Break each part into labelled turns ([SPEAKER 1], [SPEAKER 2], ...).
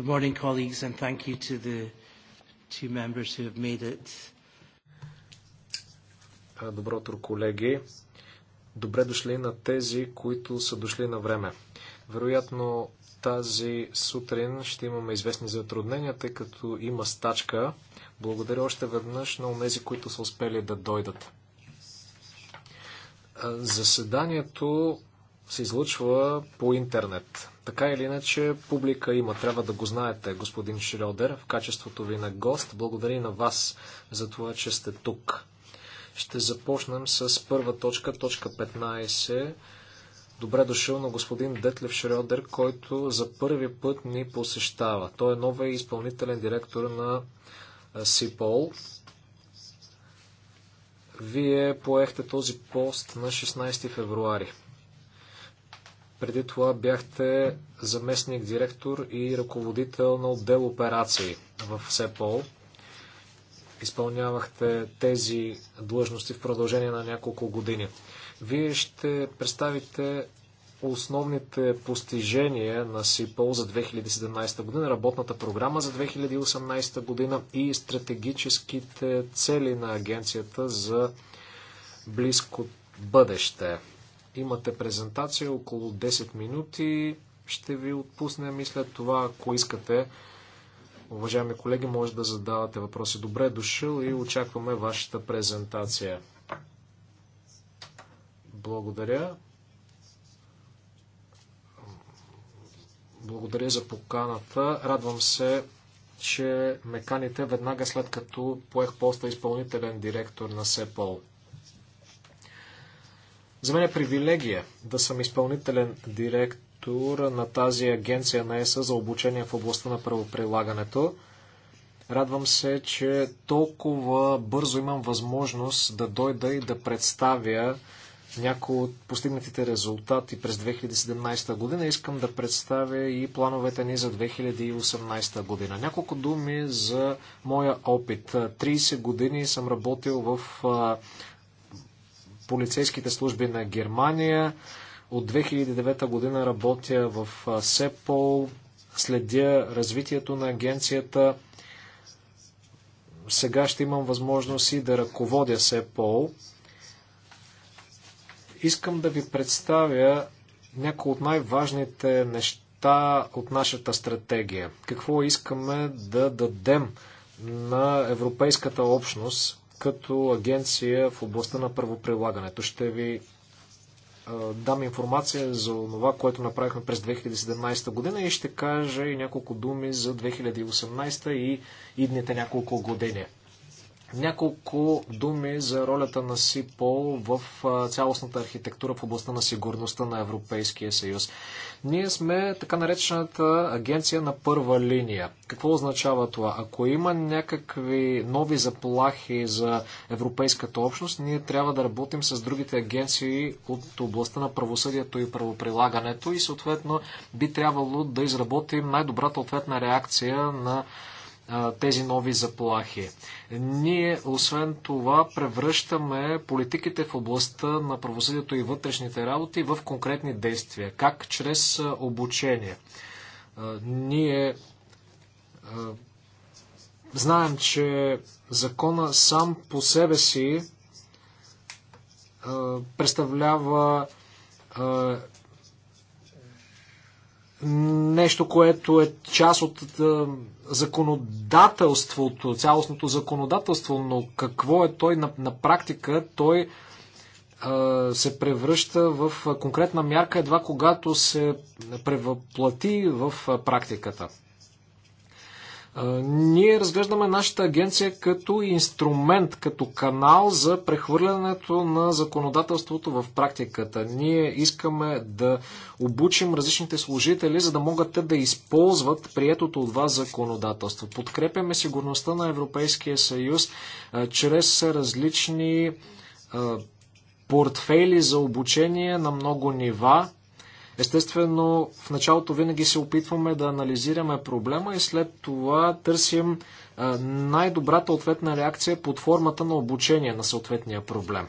[SPEAKER 1] Good morning, colleagues, and thank you to the
[SPEAKER 2] two members who have made it. Добро утро, колеги. Добре дошли на тези, които са дошли на време. Вероятно тази сутрин ще имаме известни затруднения, тъй като има стачка. Благодаря още веднъж на тези, които са успели да дойдат. Заседанието се излъчва по интернет. Така или иначе, публика има. Трябва да го знаете, господин Шрёдер, в качеството ви на гост. Благодаря и на вас за това, че сте тук. Ще започнем с първа точка, точка 15. Добре дошъл на господин Детлев Шрёдер, който за първи път ни посещава. Той е новия изпълнителен директор на СИПОЛ. Вие поехте този пост на 16 февруари преди това бяхте заместник директор и ръководител на отдел операции в СЕПОЛ. Изпълнявахте тези длъжности в продължение на няколко години. Вие ще представите основните постижения на СИПОЛ за 2017 година, работната програма за 2018 година и стратегическите цели на агенцията за близко бъдеще. Имате презентация около 10 минути. Ще ви отпуснем и след това, ако искате, уважаеми колеги, може да задавате въпроси. Добре е дошъл и очакваме вашата презентация. Благодаря. Благодаря за поканата. Радвам се, че ме каните веднага след като поех поста изпълнителен директор на СЕПОЛ. За мен е привилегия да съм изпълнителен директор на тази агенция на ЕСА за обучение в областта на правоприлагането. Радвам се, че толкова бързо имам възможност да дойда и да представя някои от постигнатите резултати през 2017 година. Искам да представя и плановете ни за 2018 година. Няколко думи за моя опит. 30 години съм работил в полицейските служби на Германия. От 2009 година работя в СЕПОЛ, следя развитието на агенцията. Сега ще имам възможност и да ръководя СЕПОЛ. Искам да ви представя някои от най-важните неща от нашата стратегия. Какво искаме да дадем на европейската общност като агенция в областта на правоприлагането. Ще ви дам информация за това, което направихме през 2017 година и ще кажа и няколко думи за 2018 и идните няколко години. Няколко думи за ролята на СИПОЛ в цялостната архитектура в областта на сигурността на Европейския съюз. Ние сме така наречената агенция на първа линия. Какво означава това? Ако има някакви нови заплахи за Европейската общност, ние трябва да работим с другите агенции от областта на правосъдието и правоприлагането и съответно би трябвало да изработим най-добрата ответна реакция на тези нови заплахи. Ние, освен това, превръщаме политиките в областта на правосъдието и вътрешните работи в конкретни действия. Как? Чрез обучение. Ние знаем, че закона сам по себе си представлява нещо, което е част от е, законодателството, цялостното законодателство, но какво е той на, на практика? Той е, се превръща в конкретна мярка едва когато се превъплати в практиката. Ние разглеждаме нашата агенция като инструмент, като канал за прехвърлянето на законодателството в практиката. Ние искаме да обучим различните служители, за да могат те да използват приетото от вас законодателство. Подкрепяме сигурността на Европейския съюз чрез различни портфейли за обучение на много нива. Естествено, в началото винаги се опитваме да анализираме проблема и след това търсим най-добрата ответна реакция под формата на обучение на съответния проблем.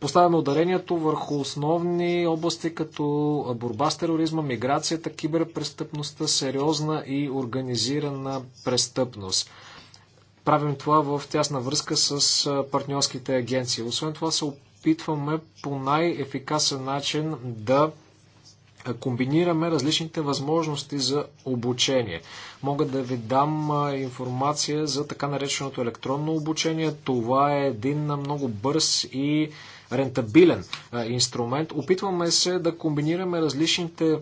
[SPEAKER 2] Поставяме ударението върху основни области като борба с тероризма, миграцията, киберпрестъпността, сериозна и организирана престъпност. Правим това в тясна връзка с партньорските агенции. Освен това се опитваме по най-ефикасен начин да комбинираме различните възможности за обучение. Мога да ви дам информация за така нареченото електронно обучение. Това е един много бърз и рентабилен инструмент. Опитваме се да комбинираме различните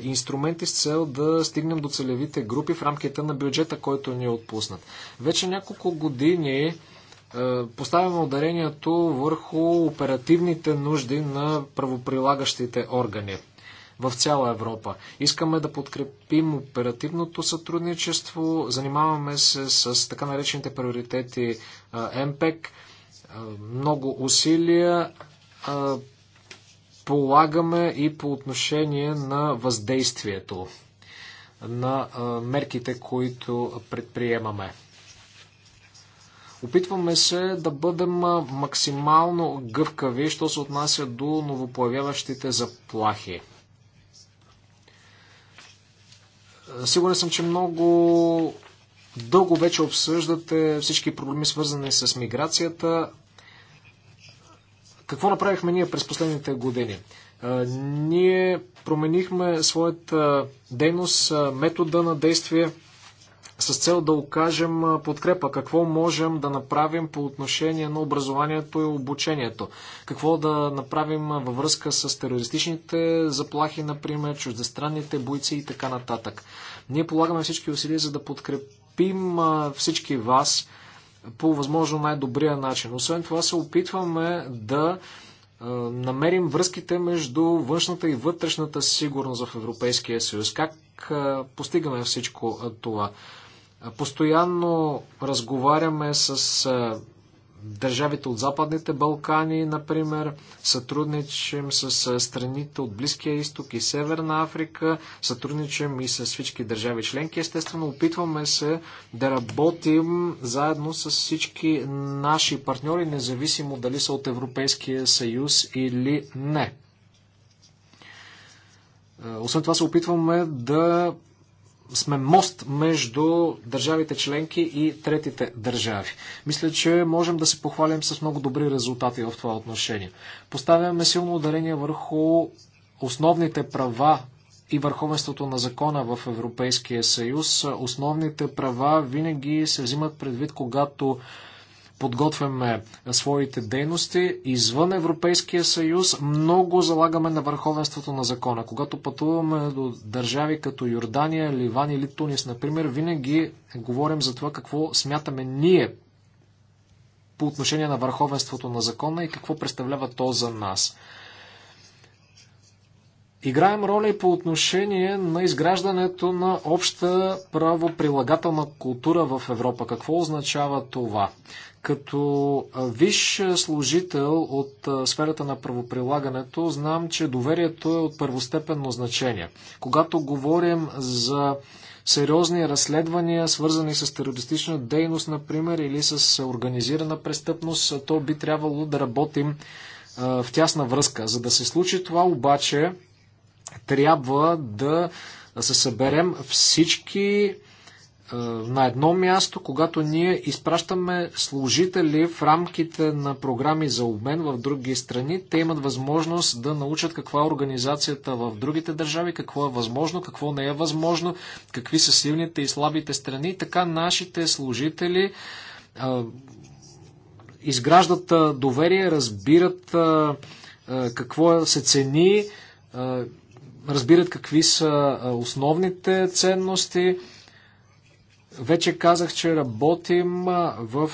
[SPEAKER 2] инструменти с цел да стигнем до целевите групи в рамките на бюджета, който ни е отпуснат. Вече няколко години е, поставяме ударението върху оперативните нужди на правоприлагащите органи в цяла Европа. Искаме да подкрепим оперативното сътрудничество, занимаваме се с така наречените приоритети е, МПЕК, е, много усилия полагаме и по отношение на въздействието на мерките, които предприемаме. Опитваме се да бъдем максимално гъвкави, що се отнася до новопоявяващите заплахи. Е, сигурен съм, че много дълго вече обсъждате всички проблеми, свързани с миграцията. Какво направихме ние през последните години? Е, ние променихме своята дейност, е, метода на действие – с цел да окажем подкрепа. Какво можем да направим по отношение на образованието и обучението? Какво да направим във връзка с терористичните заплахи, например, чуждестранните бойци и така нататък? Ние полагаме всички усилия, за да подкрепим всички вас по възможно най-добрия начин. Освен това се опитваме да намерим връзките между външната и вътрешната сигурност в Европейския съюз. Как постигаме всичко това? Постоянно разговаряме с държавите от Западните Балкани, например, сътрудничим с страните от Близкия изток и Северна Африка, сътрудничим и с всички държави членки. Естествено, опитваме се да работим заедно с всички наши партньори, независимо дали са от Европейския съюз или не. Освен това се опитваме да сме мост между държавите членки и третите държави. Мисля, че можем да се похвалим с много добри резултати в това отношение. Поставяме силно ударение върху основните права и върховенството на закона в Европейския съюз. Основните права винаги се взимат предвид, когато подготвяме своите дейности извън Европейския съюз. Много залагаме на върховенството на закона. Когато пътуваме до държави като Йордания, Ливан или Тунис, например, винаги говорим за това какво смятаме ние по отношение на върховенството на закона и какво представлява то за нас. Играем роля и по отношение на изграждането на обща правоприлагателна култура в Европа. Какво означава това? Като виш служител от сферата на правоприлагането, знам, че доверието е от първостепенно значение. Когато говорим за сериозни разследвания, свързани с терористична дейност, например, или с организирана престъпност, то би трябвало да работим в тясна връзка. За да се случи това обаче, трябва да се съберем всички е, на едно място, когато ние изпращаме служители в рамките на програми за обмен в други страни, те имат възможност да научат каква е организацията в другите държави, какво е възможно, какво не е възможно, какви са силните и слабите страни. Така нашите служители а, е, изграждат е, доверие, разбират а, какво се цени разбират какви са основните ценности. Вече казах, че работим в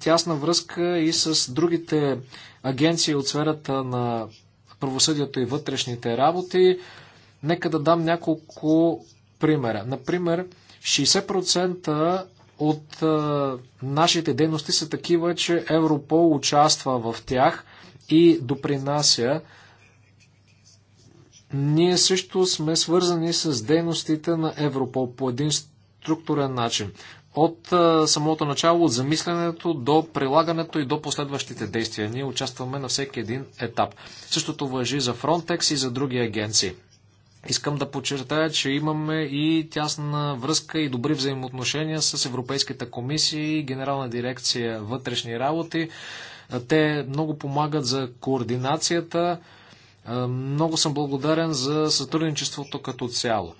[SPEAKER 2] тясна връзка и с другите агенции от сферата на правосъдието и вътрешните работи. Нека да дам няколко примера. Например, 60% от а, нашите дейности са такива, че Европол участва в тях и допринася ние също сме свързани с дейностите на Европол по един структурен начин. От самото начало, от замисленето до прилагането и до последващите действия. Ние участваме на всеки един етап. Същото въжи за Frontex и за други агенции. Искам да подчертая, че имаме и тясна връзка и добри взаимоотношения с Европейската комисия и Генерална дирекция вътрешни работи. Те много помагат за координацията е, много съм благодарен за сътрудничеството като цяло.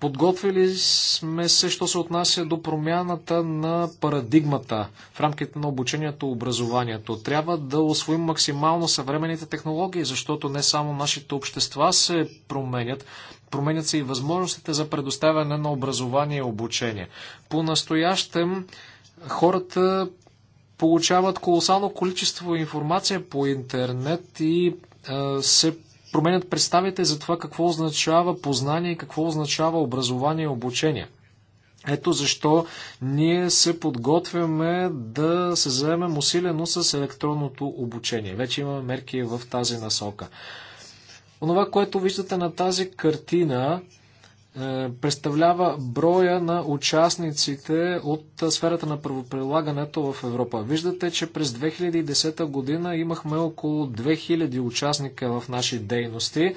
[SPEAKER 2] Подготвили сме се, що се отнася до промяната на парадигмата в рамките на обучението и образованието. Трябва да освоим максимално съвременните технологии, защото не само нашите общества се променят, променят се и възможностите за предоставяне на образование и обучение. По-настоящем хората получават колосално количество информация по интернет и се променят представите за това какво означава познание и какво означава образование и обучение. Ето защо ние се подготвяме да се заемем усилено с електронното обучение. Вече имаме мерки в тази насока. Онова, което виждате на тази картина е, представлява броя на участниците от сферата на правоприлагането в Европа. Виждате, че през 2010 година имахме около 2000 участника в наши дейности.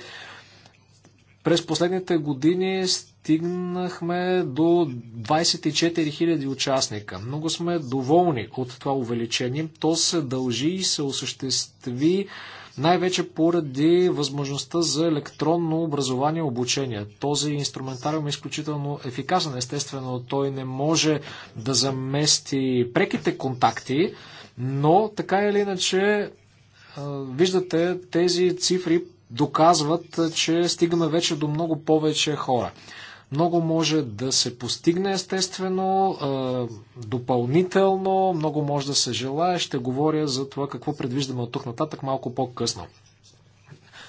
[SPEAKER 2] През последните години стигнахме до 24 000 участника. Много сме доволни от това увеличение. То се дължи и се осъществи най-вече поради възможността за електронно образование и обучение. Този инструментариум е изключително ефикасен. Естествено, той не може да замести преките контакти, но така или иначе, виждате, тези цифри доказват, че стигаме вече до много повече хора. Много може да се постигне естествено, допълнително, много може да се желая. Ще говоря за това какво предвиждаме от тук нататък малко по-късно.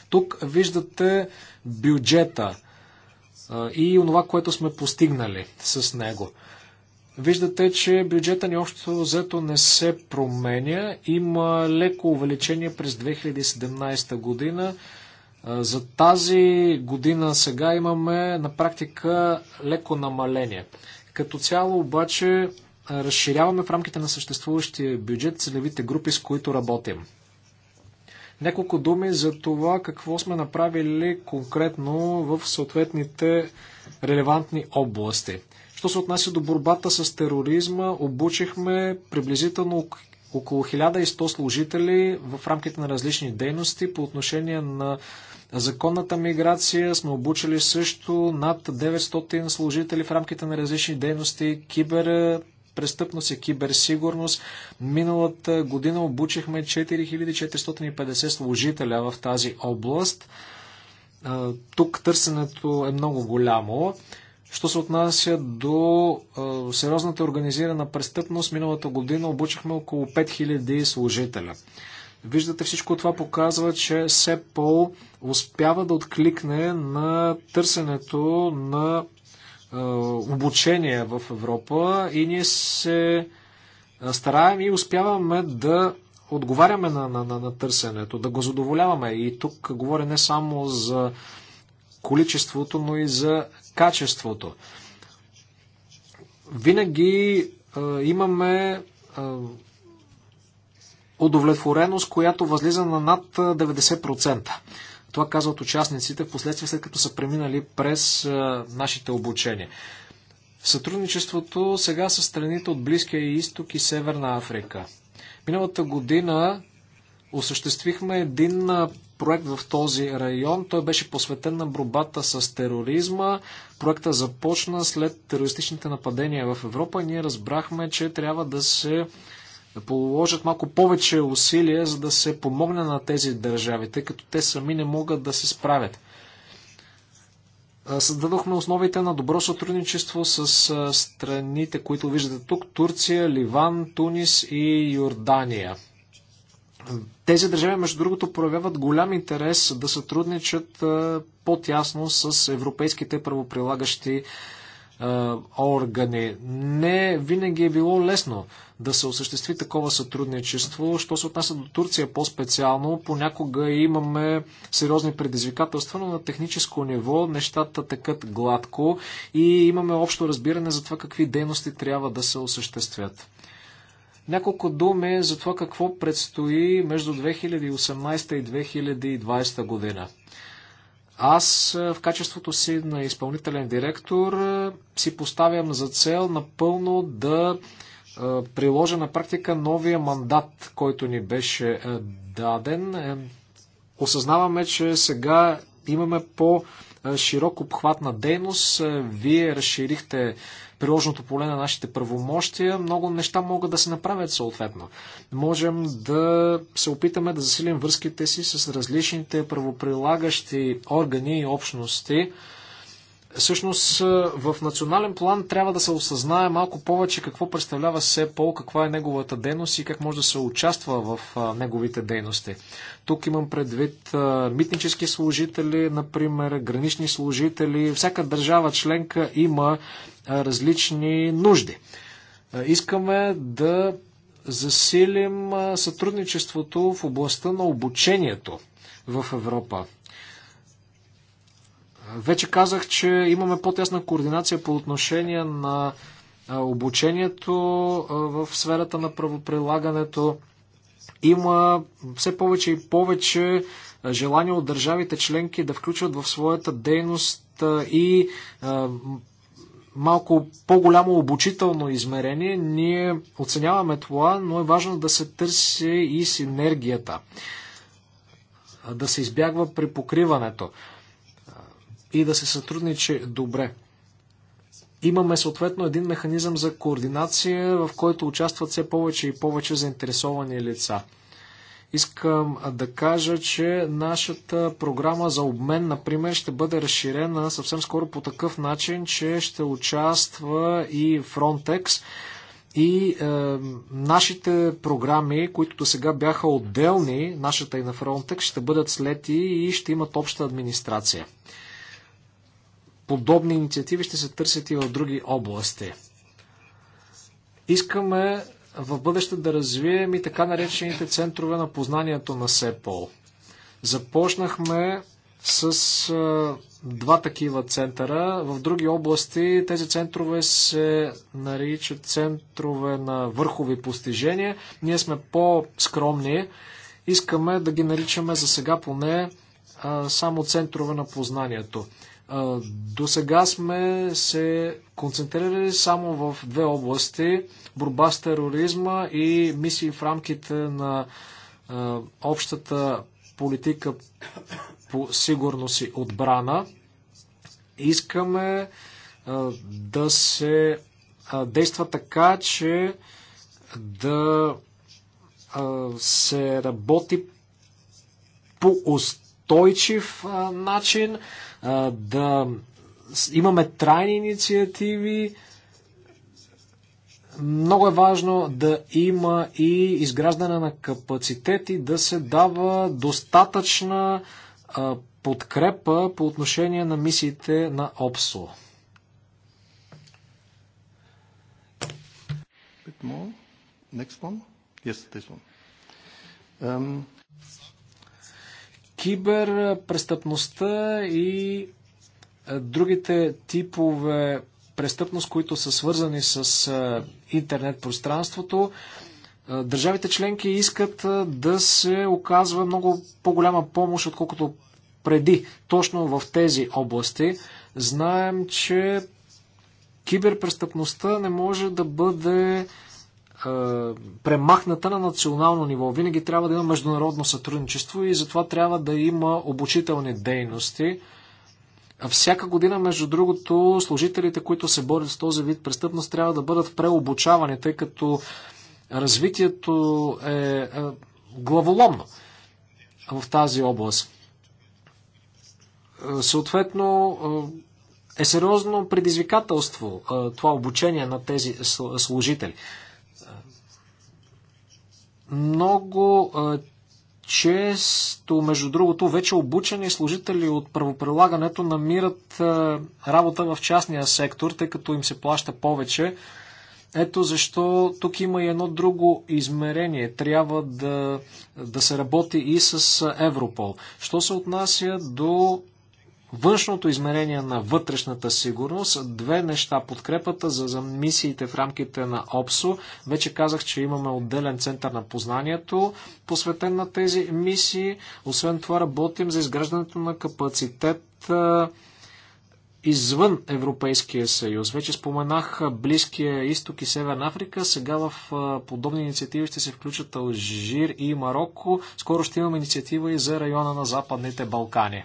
[SPEAKER 2] Тук виждате бюджета и онова, което сме постигнали с него. Виждате, че бюджета ни общо взето не се променя. Има леко увеличение през 2017 година. За тази година сега имаме на практика леко намаление. Като цяло обаче разширяваме в рамките на съществуващия бюджет целевите групи, с които работим. Няколко думи за това какво сме направили конкретно в съответните релевантни области. Що се отнася до борбата с тероризма, обучихме приблизително около 1100 служители в рамките на различни дейности. По отношение на законната миграция сме обучили също над 900 служители в рамките на различни дейности, кибер престъпност и киберсигурност. Миналата година обучихме 4450 служителя в тази област. Тук търсенето е много голямо. Що се отнася до а, сериозната организирана престъпност, миналата година обучихме около 5000 служителя. Виждате, всичко това показва, че СЕПОЛ успява да откликне на търсенето на а, обучение в Европа и ние се стараем и успяваме да отговаряме на, на, на, на търсенето, да го задоволяваме. И тук говоря не само за количеството, но и за качеството. Винаги а, имаме а, удовлетвореност, която възлиза на над 90%. Това казват участниците в последствие, след като са преминали през а, нашите обучения. Сътрудничеството сега с страните от Близкия изток и Северна Африка. Миналата година осъществихме един проект в този район. Той беше посветен на борбата с тероризма. Проекта започна след терористичните нападения в Европа. Ние разбрахме, че трябва да се положат малко повече усилия, за да се помогне на тези държави, тъй като те сами не могат да се справят. Създадохме основите на добро сътрудничество с страните, които виждате тук Турция, Ливан, Тунис и Йордания. Тези държави, между другото, проявяват голям интерес да сътрудничат по-тясно с европейските правоприлагащи органи. Не винаги е било лесно да се осъществи такова сътрудничество. Що се отнася до Турция по-специално, понякога имаме сериозни предизвикателства, но на техническо ниво нещата текат гладко и имаме общо разбиране за това какви дейности трябва да се осъществят. Няколко думи за това какво предстои между 2018 и 2020 година. Аз е, в качеството си на изпълнителен директор е, си поставям за цел напълно да е, приложа на практика новия мандат, който ни беше даден. Осъзнаваме, че сега имаме по-широк обхват на дейност. Вие разширихте приложното поле на нашите правомощия, много неща могат да се направят съответно. Можем да се опитаме да засилим връзките си с различните правоприлагащи органи и общности, Всъщност в национален план трябва да се осъзнае малко повече какво представлява СЕПОЛ, каква е неговата дейност и как може да се участва в неговите дейности. Тук имам предвид митнически служители, например, гранични служители. Всяка държава членка има различни нужди. Искаме да засилим сътрудничеството в областта на обучението в Европа. Вече казах, че имаме по-тясна координация по отношение на обучението в сферата на правоприлагането. Има все повече и повече желание от държавите членки да включват в своята дейност и малко по-голямо обучително измерение. Ние оценяваме това, но е важно да се търси и синергията, да се избягва при покриването и да се сътрудничи добре. Имаме съответно един механизъм за координация, в който участват все повече и повече заинтересовани лица. Искам да кажа, че нашата програма за обмен, например, ще бъде разширена съвсем скоро по такъв начин, че ще участва и Frontex и е, нашите програми, които до сега бяха отделни, нашата и на Frontex, ще бъдат слети и ще имат обща администрация подобни инициативи ще се търсят и в други области. Искаме в бъдеще да развием и така наречените центрове на познанието на СЕПОЛ. Започнахме с а, два такива центъра. В други области тези центрове се наричат центрове на върхови постижения. Ние сме по-скромни. Искаме да ги наричаме за сега поне а, само центрове на познанието. До сега сме се концентрирали само в две области борба с тероризма и мисии в рамките на общата политика по сигурност и отбрана. Искаме да се действа така, че да се работи по устойчив начин, да имаме трайни инициативи. Много е важно да има и изграждане на капацитети, да се дава достатъчна подкрепа по отношение на мисиите на ОПСО. Next one. Yes, this one. Um, Киберпрестъпността и е, другите типове престъпност, които са свързани с е, интернет пространството, е, държавите членки искат да се оказва много по-голяма помощ, отколкото преди, точно в тези области. Знаем, че киберпрестъпността не може да бъде е, премахната на национално ниво. Винаги трябва да има международно сътрудничество и затова трябва да има обучителни дейности. Всяка година, между другото, служителите, които се борят с този вид престъпност, трябва да бъдат преобучавани, тъй като развитието е, е главоломно в тази област. Е, съответно, е сериозно предизвикателство това обучение на тези служители. Много често, между другото, вече обучени служители от правоприлагането намират работа в частния сектор, тъй като им се плаща повече. Ето защо тук има и едно друго измерение. Трябва да, да се работи и с Европол. Що се отнася до външното измерение на вътрешната сигурност. Две неща. Подкрепата за, за мисиите в рамките на ОПСО. Вече казах, че имаме отделен център на познанието, посветен на тези мисии. Освен това работим за изграждането на капацитет извън Европейския съюз. Вече споменах Близкия изток и Северна Африка. Сега в подобни инициативи ще се включат Алжир и Марокко. Скоро ще имаме инициатива и за района на Западните Балкани.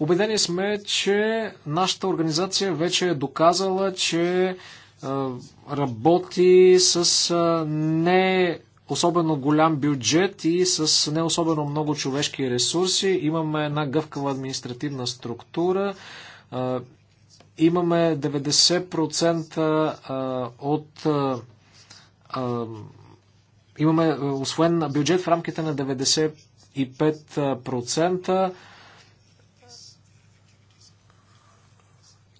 [SPEAKER 2] Обедени сме, че нашата организация вече е доказала, че е, работи с е, не особено голям бюджет и с не особено много човешки ресурси. Имаме една гъвкава административна структура. Е, имаме 90% от имаме освен бюджет в рамките на 95%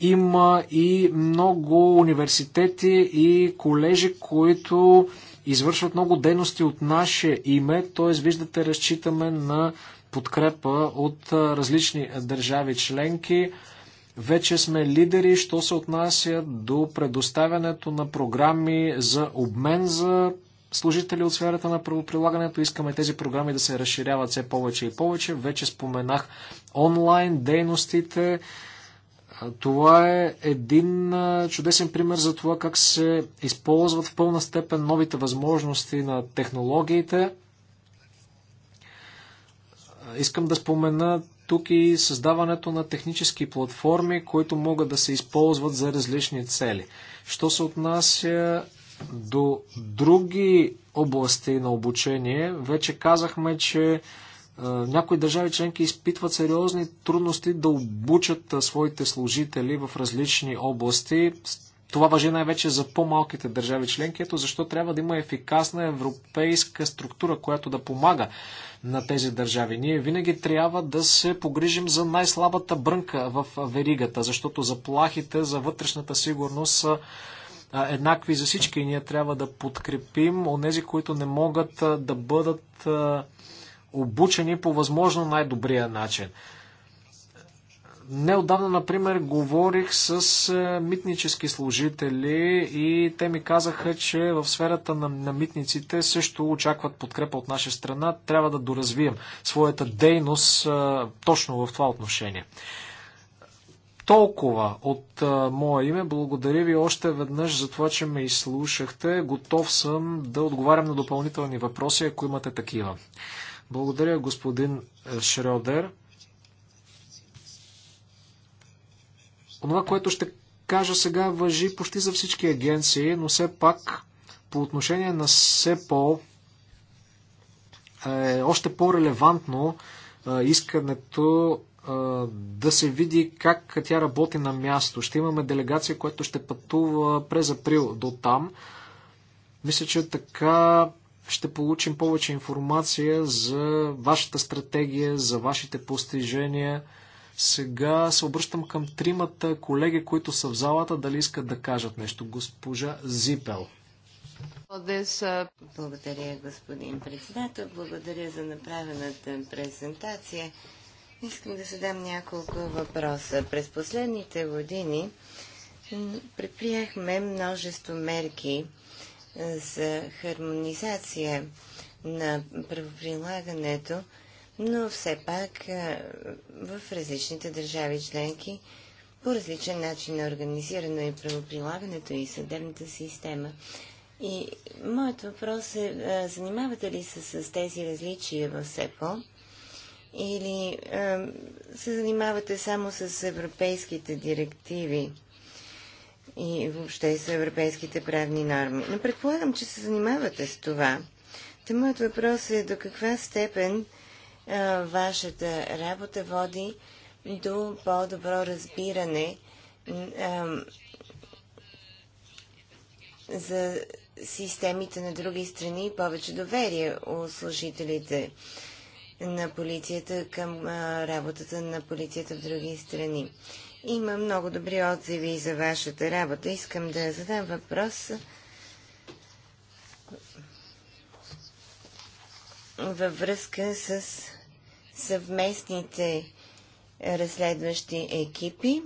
[SPEAKER 2] Има и много университети и колежи, които извършват много дейности от наше име, т.е. виждате, разчитаме на подкрепа от различни държави членки. Вече сме лидери, що се отнася до предоставянето на програми за обмен за служители от сферата на правоприлагането. Искаме тези програми да се разширяват все повече и повече. Вече споменах онлайн дейностите, това е един чудесен пример за това как се използват в пълна степен новите възможности на технологиите. Искам да спомена тук и създаването на технически платформи, които могат да се използват за различни цели. Що се отнася до други области на обучение, вече казахме, че някои държави членки изпитват сериозни трудности да обучат своите служители в различни области. Това въжи най-вече за по-малките държави членки, ето защо трябва да има ефикасна европейска структура, която да помага на тези държави. Ние винаги трябва да се погрижим за най-слабата брънка в веригата, защото заплахите за вътрешната сигурност са еднакви за всички и ние трябва да подкрепим онези, които не могат да бъдат обучени по възможно най-добрия начин. Неодавна, например, говорих с е, митнически служители и те ми казаха, че в сферата на, на митниците също очакват подкрепа от наша страна. Трябва да доразвием своята дейност а, е, точно в това отношение. Толкова от а, е, мое име. Благодаря ви още веднъж за това, че ме изслушахте. Готов съм да отговарям на допълнителни въпроси, ако имате такива. Благодаря, господин Шрёдер. Онова, което ще кажа сега, въжи почти за всички агенции, но все пак по отношение на СЕПО е още по-релевантно е, искането е, да се види как тя работи на място. Ще имаме делегация, която ще пътува през април до там. Мисля, че така ще получим повече информация за вашата стратегия, за вашите постижения. Сега се обръщам към тримата колеги, които са в залата, дали искат да кажат нещо. Госпожа Зипел.
[SPEAKER 1] Благодаря, господин председател. Благодаря за направената презентация. Искам да задам няколко въпроса. През последните години предприехме множество мерки за хармонизация на правоприлагането, но все пак в различните държави членки по различен начин е организирано и правоприлагането и съдебната система. И моят въпрос е, занимавате ли се с, тези различия в СЕПО или се занимавате само с европейските директиви? и въобще са европейските правни норми. Но предполагам, че се занимавате с това. Та моят въпрос е до каква степен а, вашата работа води до по-добро разбиране а, за системите на други страни и повече доверие у служителите на полицията към а, работата на полицията в други страни. Има много добри отзиви за вашата работа. Искам да задам въпрос във връзка с съвместните разследващи екипи.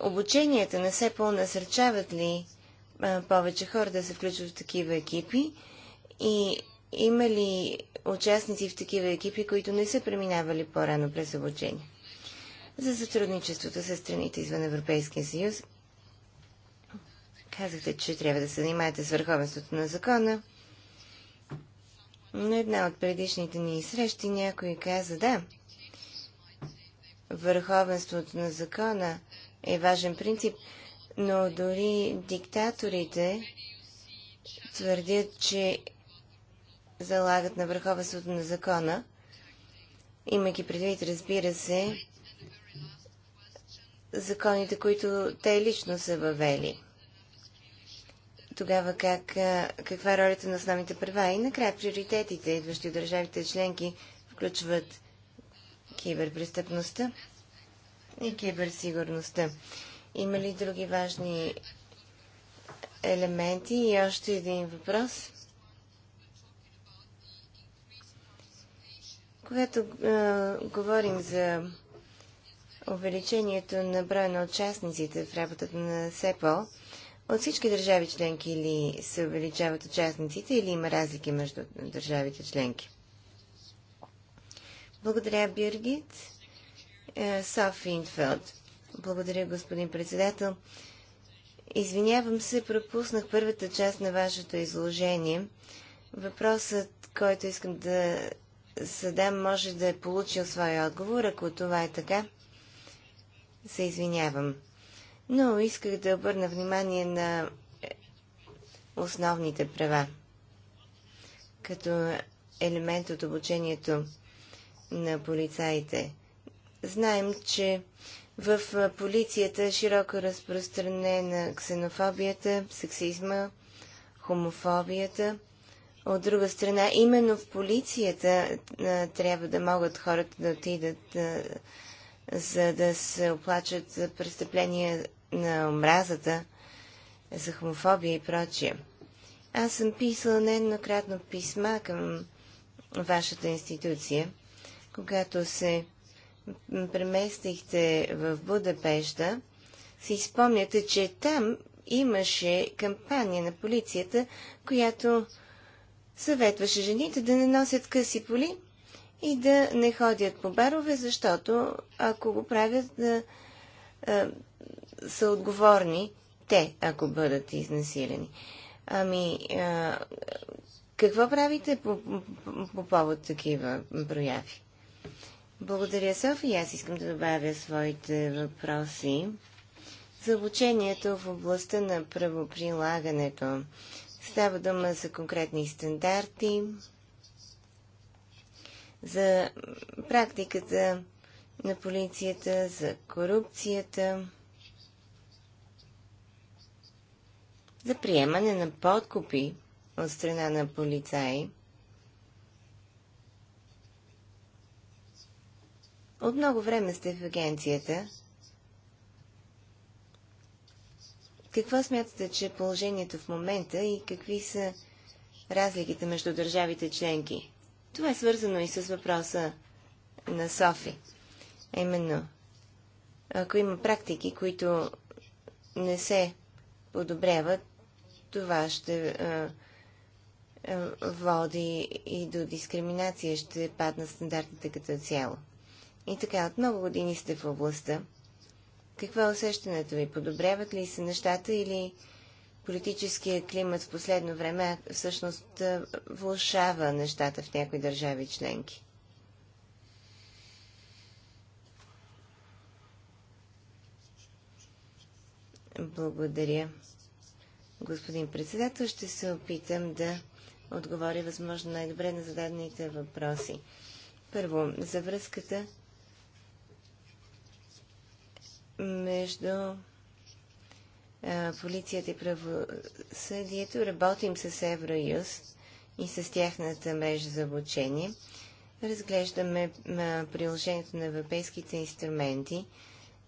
[SPEAKER 1] Обученията на СЕПО насърчават ли повече хора да се включват в такива екипи и има ли участници в такива екипи, които не са преминавали по-рано през обучение? за сътрудничеството с страните извън Европейския съюз. Казахте, че трябва да се занимаете с върховенството на закона. На една от предишните ни срещи някой каза, да, върховенството на закона е важен принцип, но дори диктаторите твърдят, че залагат на върховенството на закона, имайки предвид, разбира се, законите, които те лично са въвели. Тогава как, каква е ролята на основните права? И накрая приоритетите, идващи от държавите членки, включват киберпрестъпността и киберсигурността. Има ли други важни елементи? И още един въпрос. Когато е, говорим за увеличението на броя на участниците в работата на СЕПО от всички държави членки или се увеличават участниците, или има разлики между държавите членки? Благодаря, Биргит. Е, Софи Инфелд. Благодаря, господин председател. Извинявам се, пропуснах първата част на вашето изложение. Въпросът, който искам да задам, може да е получил своя отговор. Ако това е така, се извинявам. Но исках да обърна внимание на основните права. Като елемент от обучението на полицаите. Знаем, че в полицията широко разпространена ксенофобията, сексизма, хомофобията. От друга страна, именно в полицията трябва да могат хората да отидат за да се оплачат за престъпления на омразата, за хомофобия и прочие. Аз съм писала нееднократно писма към вашата институция, когато се преместихте в Будапешта, си спомняте, че там имаше кампания на полицията, която съветваше жените да не носят къси поли и да не ходят по барове, защото ако го правят, да, а, са отговорни те, ако бъдат изнасилени. Ами, а, какво правите по, по, по повод такива прояви? Благодаря, Софи. Аз искам да добавя своите въпроси за обучението в областта на правоприлагането. Става дума за конкретни стандарти, за практиката на полицията, за корупцията, за приемане на подкупи от страна на полицаи. От много време сте в агенцията. Какво смятате, че е положението в момента и какви са разликите между държавите членки? Това е свързано и с въпроса на Софи. Именно, ако има практики, които не се подобряват, това ще а, е, а, е, води и до дискриминация, ще падна стандартите като цяло. И така, от много години сте в областта. Какво е усещането ви? Подобряват ли се нещата или политическия климат в последно време всъщност влушава нещата в някои държави членки. Благодаря. Господин председател, ще се опитам да отговоря възможно най-добре на зададените въпроси. Първо, за връзката между е, полицията и правосъдието. Работим с Евроюст и с тяхната мрежа за обучение. Разглеждаме е, приложението на европейските инструменти,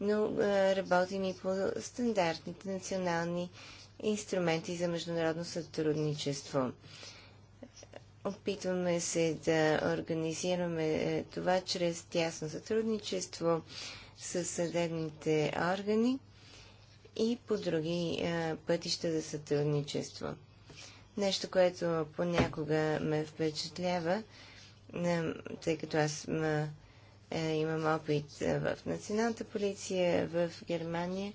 [SPEAKER 1] но е, работим и по стандартните национални инструменти за международно сътрудничество. Опитваме се да организираме това чрез тясно сътрудничество с съдебните органи и по други а, е, пътища за сътрудничество. Нещо, което понякога ме впечатлява, а, е, тъй като аз ма, а, е, имам опит в националната полиция в Германия,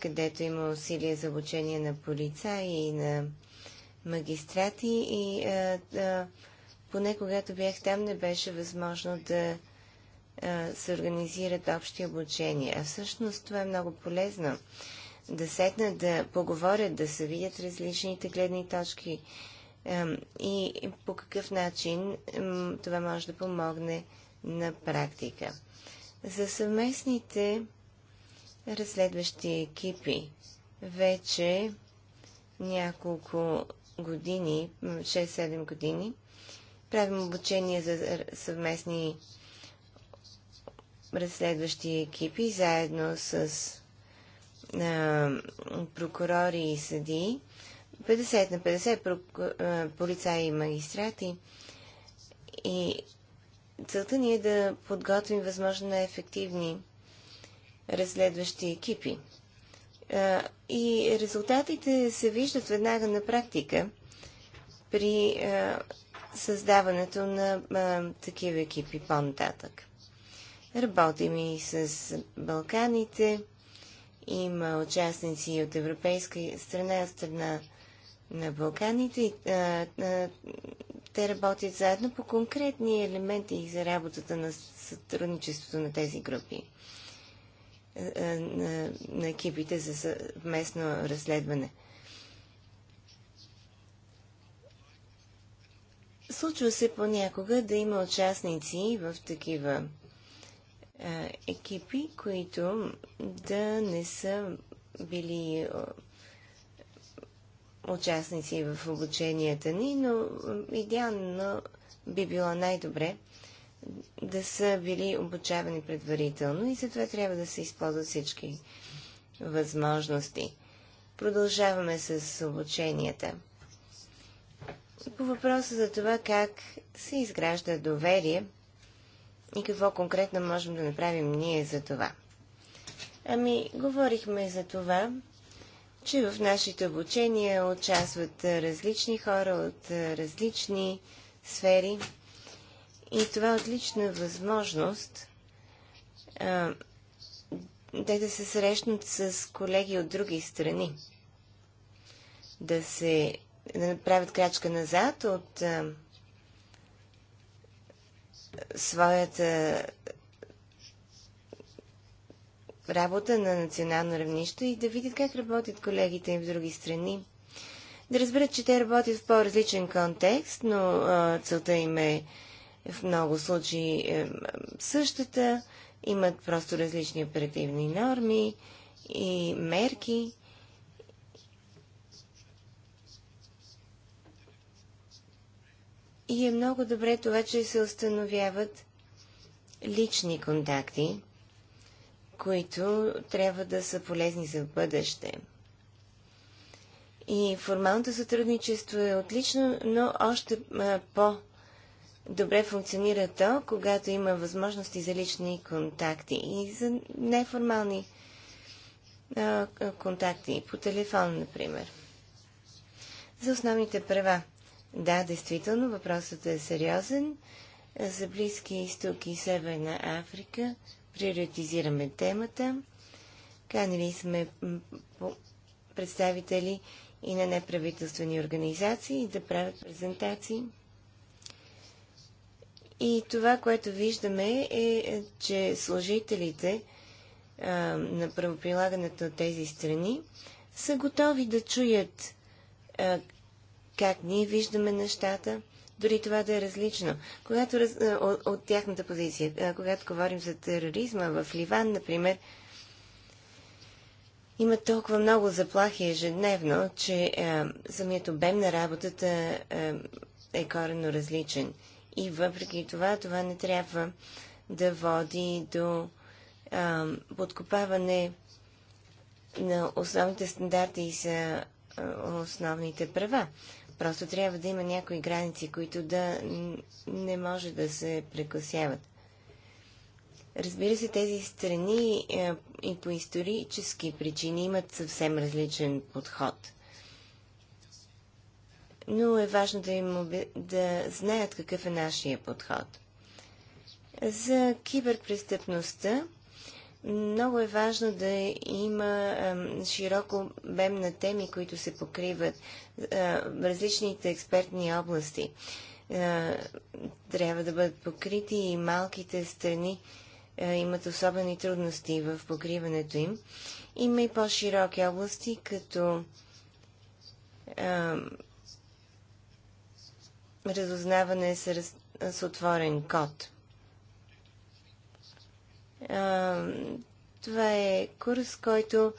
[SPEAKER 1] където има усилия за обучение на полица и на магистрати и а, а, поне когато бях там не беше възможно да се организират общи обучения. А всъщност това е много полезно. Да седнат, да поговорят, да се видят различните гледни точки и по какъв начин това може да помогне на практика. За съвместните разследващи екипи вече няколко години, 6-7 години, правим обучение за съвместни разследващи екипи, заедно с а, прокурори и съдии, 50 на 50 полицаи и магистрати. И целта ни е да подготвим възможно най-ефективни разследващи екипи. А, и резултатите се виждат веднага на практика при а, създаването на а, такива екипи по-нататък. Работим и с Балканите. Има участници от европейска страна, страна на Балканите. те работят заедно по конкретни елементи за работата на сътрудничеството на тези групи, на, на екипите за съвместно разследване. Случва се понякога да има участници в такива е, екипи, които да не са били е, участници в обученията ни, но е, идеално би било най-добре да са били обучавани предварително и затова трябва да се използват всички възможности. Продължаваме с обученията. По въпроса за това как се изгражда доверие – и какво конкретно можем да направим ние за това. Ами, говорихме за това, че в нашите обучения участват различни хора от различни сфери и това е отлична възможност а, да се срещнат с колеги от други страни, да се да направят крачка назад от а, своята работа на национално равнище и да видят как работят колегите им в други страни. Да разберат, че те работят в по-различен контекст, но а, целта им е в много случаи е, същата. Имат просто различни оперативни норми и мерки. И е много добре това, че се установяват лични контакти, които трябва да са полезни за бъдеще. И формалното сътрудничество е отлично, но още по-добре функционира то, когато има възможности за лични контакти и за неформални контакти, по телефон, например. За основните права. Да, действително, въпросът е сериозен. За Близки изток и Северна Африка приоритизираме темата. канали сме представители и на неправителствени организации да правят презентации. И това, което виждаме е, е, че служителите а, на правоприлагането от тези страни са готови да чуят а, как ние виждаме нещата, дори това да е различно. Когато раз... Е, от, от тяхната позиция, е, когато говорим за тероризма в Ливан, например, има толкова много заплахи ежедневно, че е, самият обем на работата е, е коренно различен. И въпреки това, това не трябва да води до е, подкопаване на основните стандарти и за е, основните права. Просто трябва да има някои граници, които да не може да се прекосяват. Разбира се, тези страни е, и по исторически причини имат съвсем различен подход. Но е важно да, им оби... да знаят какъв е нашия подход. За киберпрестъпността много е важно да има широко бем на теми, които се покриват в различните експертни области. Трябва да бъдат покрити и малките страни имат особени трудности в покриването им. Има и по-широки области, като разузнаване с отворен код това е курс, който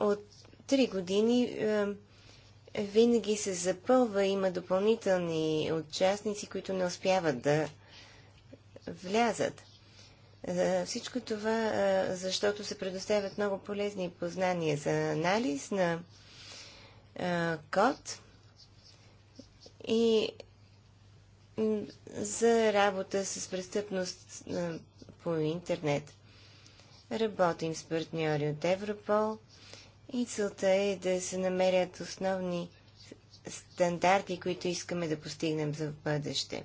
[SPEAKER 1] от 3 години винаги се запълва. Има допълнителни участници, които не успяват да влязат. Е, всичко това, е, защото се предоставят много полезни познания за анализ на е, код и за работа с престъпност по интернет. Работим с партньори от Европол и целта е да се намерят основни стандарти, които искаме да постигнем за бъдеще.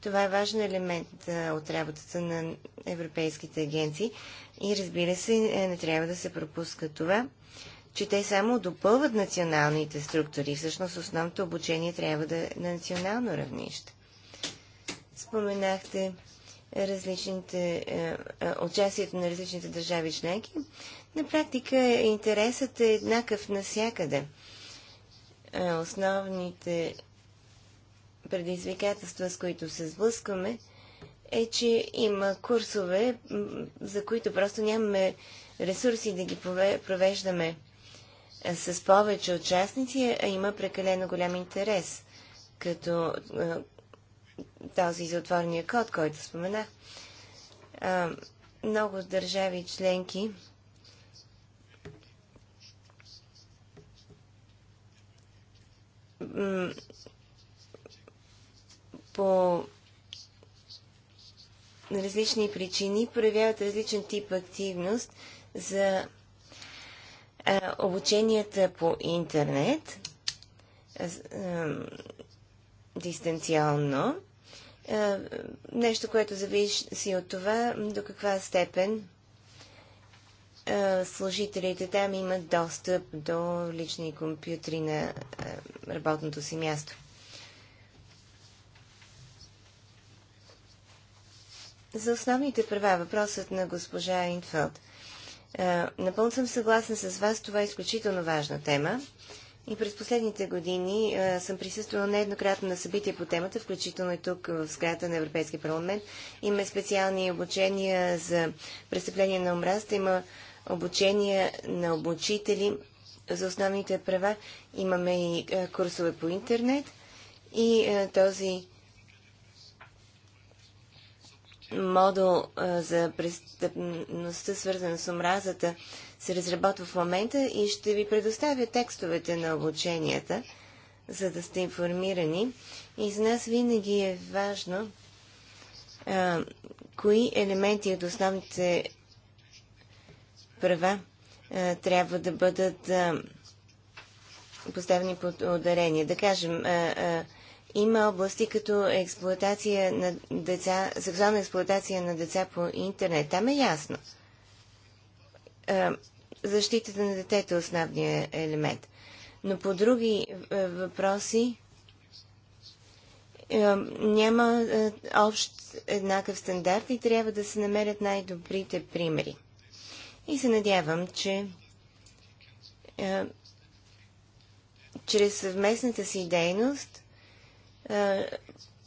[SPEAKER 1] Това е важен елемент от работата на европейските агенции и разбира се, е, не трябва да се пропуска това, че те само допълват националните структури. Всъщност основното обучение трябва да е на национално равнище. Споменахте различните, е, е, участието на различните държави членки. На практика е, интересът е еднакъв навсякъде. Основните предизвикателства, с които се сблъскваме, е, че има курсове, за които просто нямаме ресурси да ги провеждаме с повече участници, а има прекалено голям интерес. Като този затворния код, който споменах, а, много държави членки по различни причини проявяват различен тип активност за обученията по интернет дистанционно. Е, нещо, което зависи от това до каква степен е, служителите там имат достъп до лични компютри на е, работното си място. За основните права, въпросът на госпожа Инфелд. Напълно съм съгласна с вас, това е изключително важна тема. И през последните години а, съм присъствала нееднократно на събития по темата, включително и тук в сградата на Европейския парламент. Има специални обучения за престъпление на омразата, има обучения на обучители за основните права. Имаме и а, курсове по интернет и а, този модул за престъпността, свързан с омразата, се разработва в момента и ще ви предоставя текстовете на обученията, за да сте информирани. И за нас винаги е важно а, кои елементи от основните права а, трябва да бъдат а, поставени под ударение. Да кажем, а, а, има области като експлуатация на деца, сексуална експлуатация на деца по интернет. Там е ясно. А, защитата на детето е основният елемент. Но по други е, въпроси е, няма е, общ еднакъв стандарт и трябва да се намерят най-добрите примери. И се надявам, че е, чрез съвместната си дейност е,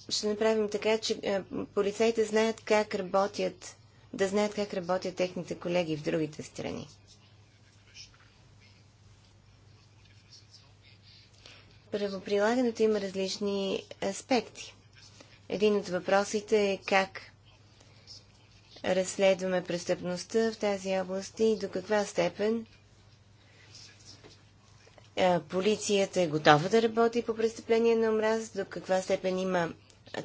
[SPEAKER 1] ще направим така, че е, полицайите знаят как работят, да знаят как работят техните колеги в другите страни. правоприлагането има различни аспекти. Един от въпросите е как разследваме престъпността в тази област и до каква степен полицията е готова да работи по престъпление на омраз, до каква степен има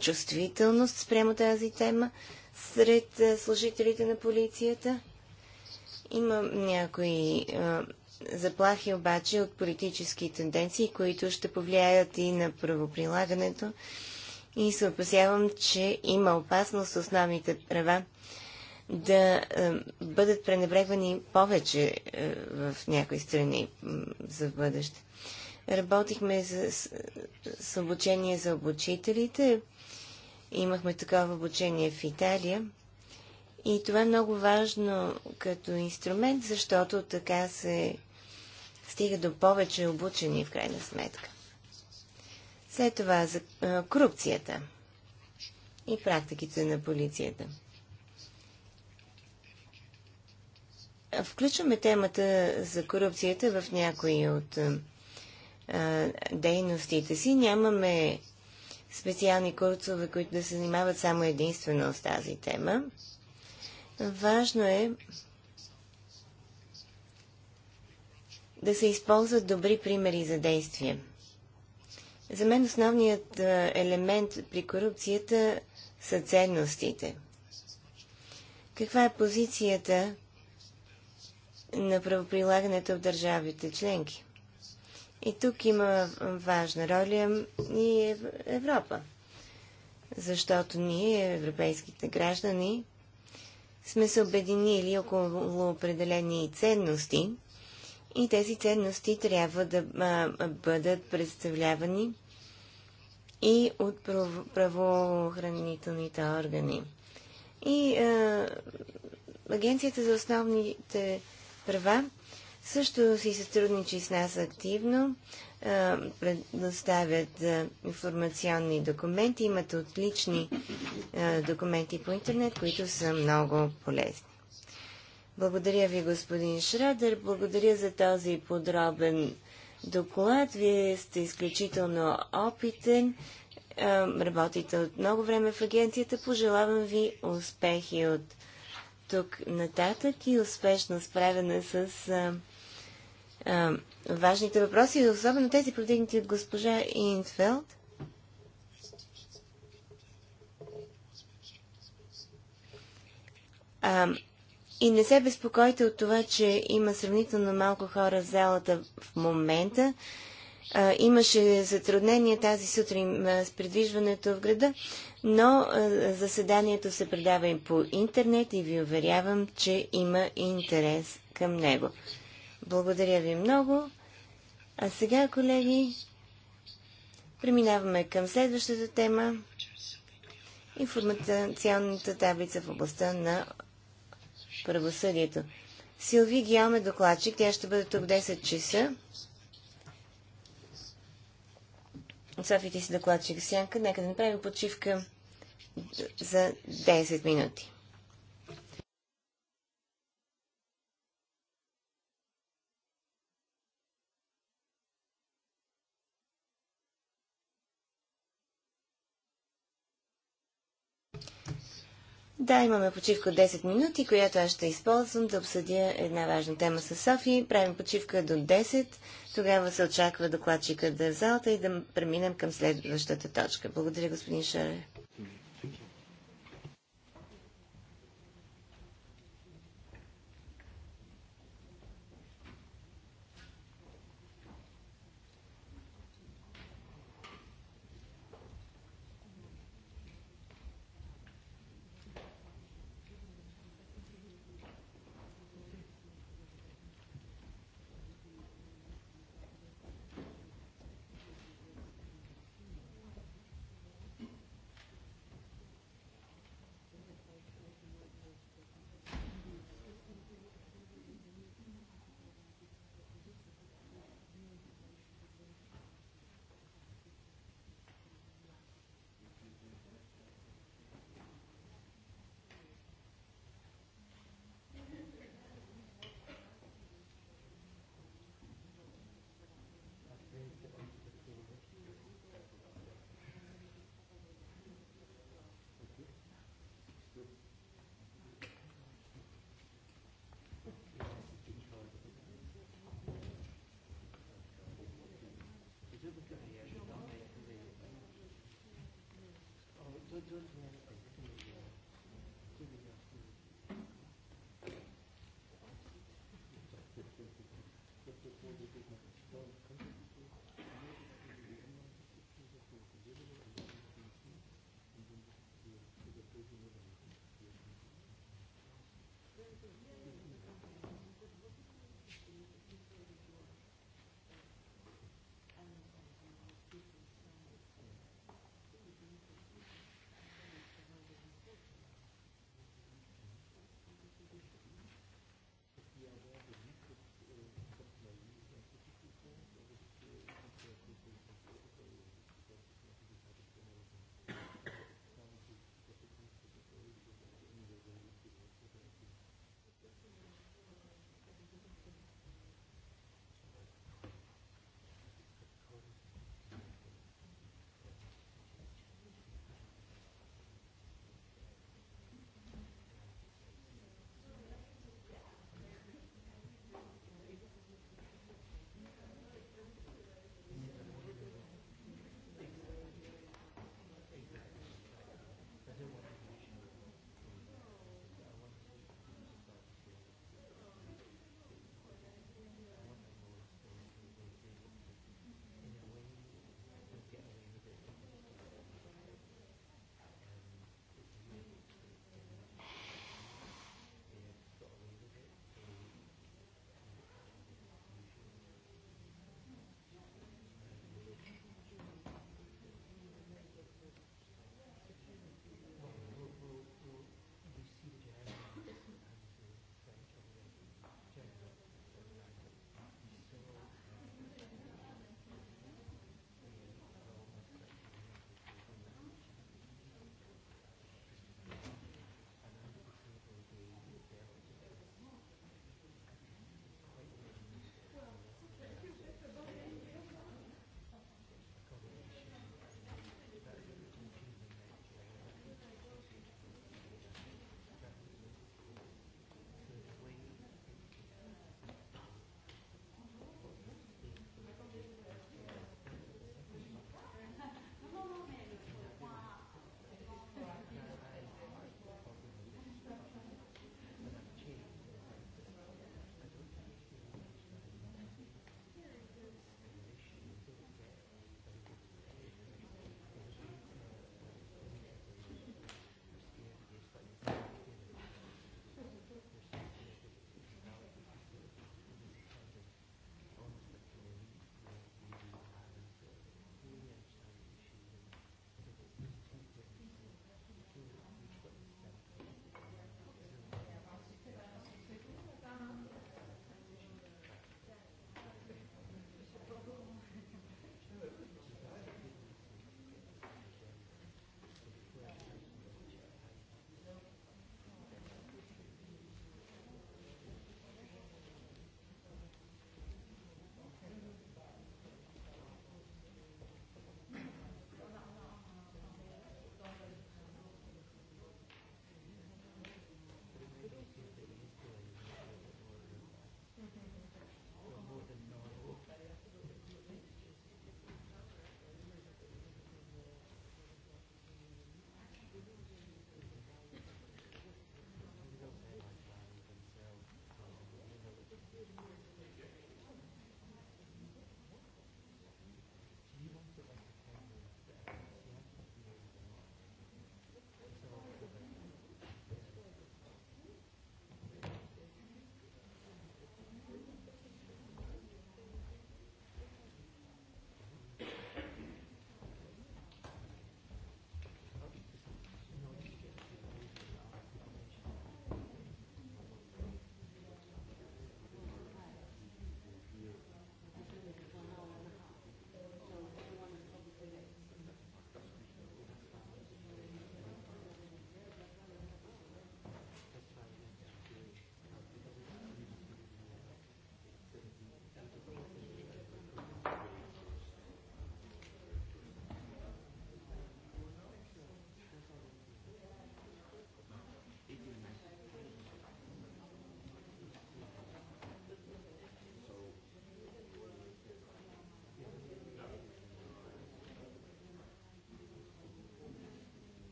[SPEAKER 1] чувствителност спрямо тази тема сред служителите на полицията. Има някои заплахи обаче от политически тенденции, които ще повлияят и на правоприлагането. И се опасявам, че има опасност основните права да е, бъдат пренебрегвани повече е, в някои страни за бъдеще. Работихме за с, с обучение за обучителите. Имахме такова обучение в Италия. И това е много важно като инструмент, защото така се стига до повече обучени в крайна сметка. След това за корупцията и практиките на полицията. Включваме темата за корупцията в някои от дейностите си. Нямаме специални курсове, които да се занимават само единствено с тази тема. Важно е да се използват добри примери за действие. За мен основният елемент при корупцията са ценностите. Каква е позицията на правоприлагането в държавите членки? И тук има важна роля и Европа. Защото ние, европейските граждани, сме се обединили около определени ценности, и тези ценности трябва да бъдат представлявани и от правоохранителните органи. И а, Агенцията за основните права също си сътрудничи с нас активно, а, предоставят а, информационни документи, имат отлични а, документи по интернет, които са много полезни. Благодаря ви, господин Шрадер. Благодаря за този подробен доклад. Вие сте изключително опитен. Работите от много време в агенцията. Пожелавам ви успехи от тук нататък и успешно справяне с а, а, важните въпроси, особено тези повдигнати от госпожа Инфелд. А, и не се безпокойте от това, че има сравнително малко хора в залата в момента. А, имаше затруднения тази сутрин с придвижването в града, но а, заседанието се предава и по интернет и ви уверявам, че има интерес към него. Благодаря ви много. А сега, колеги, преминаваме към следващата тема информационната таблица в областта на правосъдието. Силви Гиоме докладчик. Тя ще бъде тук 10 часа. Софи, ти си докладчик сянка. Нека да направим почивка за 10 минути. Да, имаме почивка от 10 минути, която аз ще използвам да обсъдя една важна тема с Софи. Правим почивка до 10. Тогава се очаква докладчика да е в залата и да преминем към следващата точка. Благодаря, господин Шаре.
[SPEAKER 2] които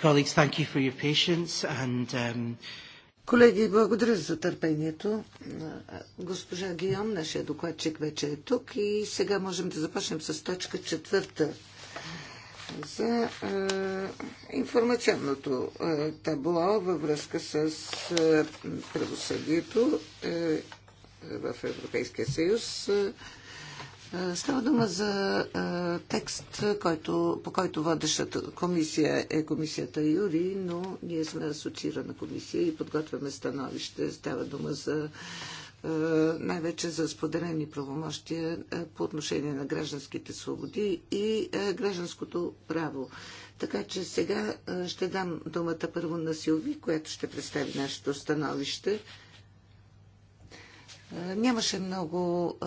[SPEAKER 3] colleagues, thank you for your patience and um, Колеги, благодаря за търпението. Госпожа Гион, нашия докладчик вече е тук и сега можем да започнем с точка четвърта за е, информационното е, табло във връзка с е, правосъдието е, в Европейския съюз. Е, е, става дума за е, текст, който, по който водещата комисия е комисията Юри, но ние сме асоциирана комисия и подготвяме становище. Става дума за е, най-вече за споделени правомощия по отношение на гражданските свободи и гражданското право. Така че сега ще дам думата първо на Силви, която ще представи нашето становище. Е, нямаше много е,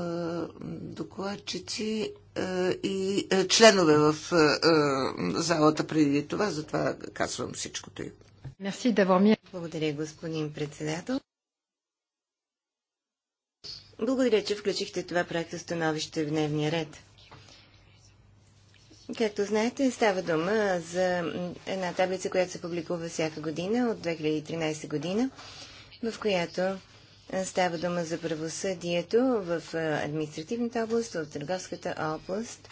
[SPEAKER 3] докладчици е, и членове в залата преди това, затова казвам всичкото и.
[SPEAKER 1] Благодаря, господин председател. Благодаря, че включихте това проекта становище в дневния ред. Както знаете, става дума за една таблица, която се публикува всяка година от 2013 година, в която Става дума за правосъдието в административната област, в търговската област.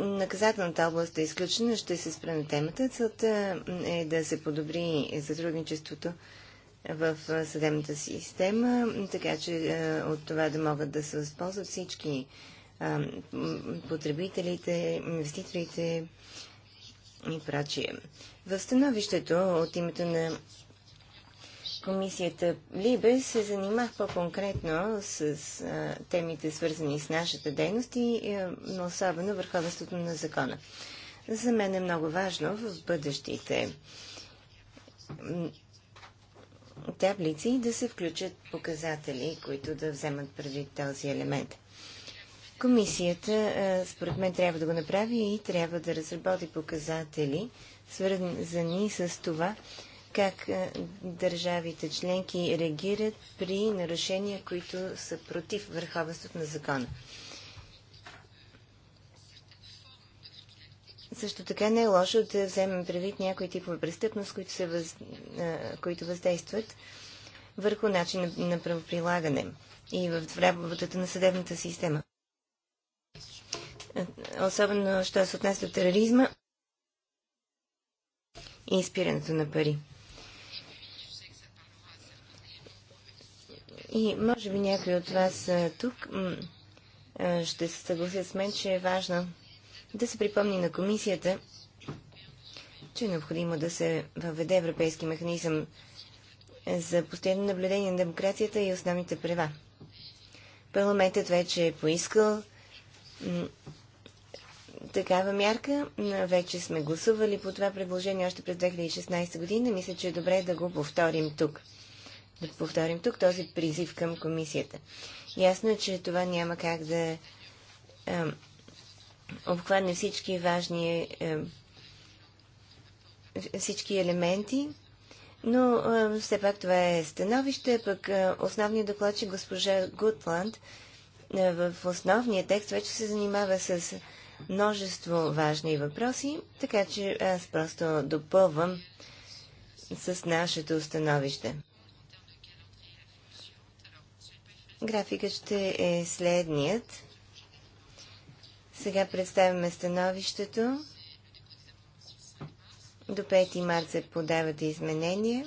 [SPEAKER 1] Наказателната област е изключена, ще се спра на темата. Целта е да се подобри сътрудничеството в съдебната система, така че от това да могат да се възползват всички потребителите, инвеститорите и прочие. В становището от името на комисията Либе се занимах по-конкретно с а, темите, свързани с нашата дейност и а, е, особено върховенството на закона. За мен е много важно в бъдещите таблици да се включат показатели, които да вземат преди този елемент. Комисията, а, е, според мен, трябва да го направи и трябва да разработи показатели, свързани с това, как държавите членки реагират при нарушения, които са против върховенството на закона. Също така не е лошо да вземем предвид някои типове престъпност, които, се въз... които въздействат върху начин на правоприлагане и в работата на съдебната система. Особено, що се отнася до тероризма и изпирането на пари. И може би някои от вас тук ще се съгласят с мен, че е важно да се припомни на комисията, че е необходимо да се въведе европейски механизъм за постоянно наблюдение на демокрацията и основните права. Парламентът вече е поискал такава мярка. Вече сме гласували по това предложение още през 2016 година. Мисля, че е добре да го повторим тук да повторим тук този призив към комисията. Ясно е, че това няма как да е, обхване всички важни е, всички елементи, но е, все пак това е становище, пък е, основният доклад, че госпожа Гутланд е, в основния текст вече се занимава с множество важни въпроси, така че аз просто допълвам с нашето становище. Графикът ще е следният. Сега представяме становището. До 5 март се подават изменения.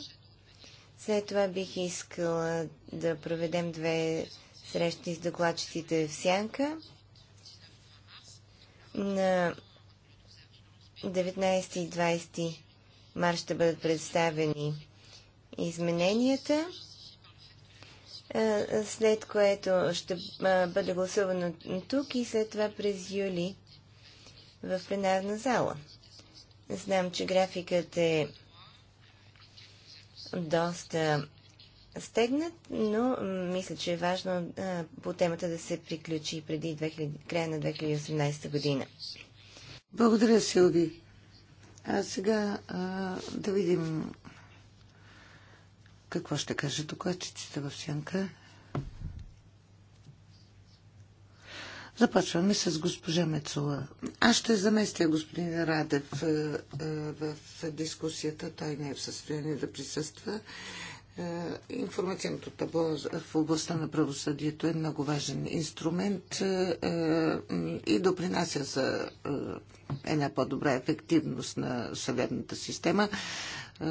[SPEAKER 1] След това бих искала да проведем две срещи с докладчиците в Сянка. На 19 и 20 март ще бъдат представени измененията. Е, е, след което ще е, бъде гласувано тук и след това през юли в пленарна зала. Знам, че графикът е доста стегнат, но мисля, че е важно по темата да се приключи преди 2000, края на 2018 година. Благодаря, Силви. А сега а, да видим
[SPEAKER 3] какво ще каже докладчиците в сянка? Започваме с госпожа Мецула. Аз ще заместя господин Радев е, е, в дискусията. Той не е в състояние да присъства. Е, информационното табло в областта на правосъдието е много важен инструмент и допринася за една по-добра ефективност на съдебната система. Е,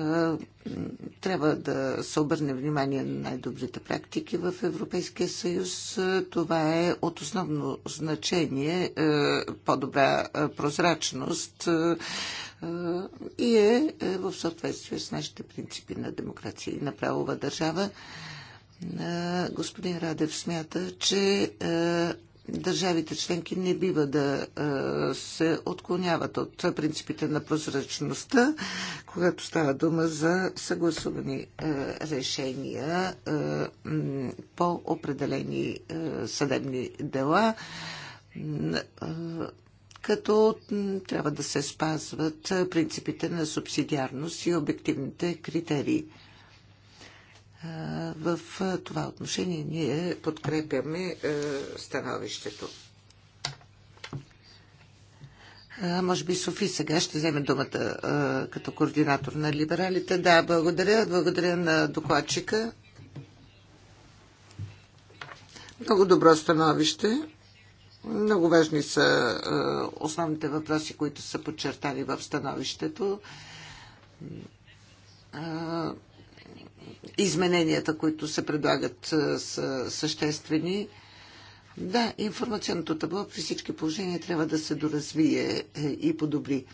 [SPEAKER 3] трябва да се обърне внимание на най-добрите практики в Европейския съюз. Е, това е от основно значение, е, по-добра прозрачност и е в съответствие с нашите принципи на демокрация и на правова държава. Господин Радев смята, че държавите членки не бива да се отклоняват от принципите на прозрачността, когато става дума за съгласувани решения по определени съдебни дела, като трябва да се спазват принципите на субсидиарност и обективните критерии. В това отношение ние подкрепяме становището. Може би Софи сега ще вземе думата като координатор на либералите. Да, благодаря. Благодаря на докладчика. Много добро становище. Много важни са основните въпроси, които са подчертали в становището измененията, които се предлагат, е, са съществени. Да, информационното табло при всички положения трябва да се доразвие е, и подобри.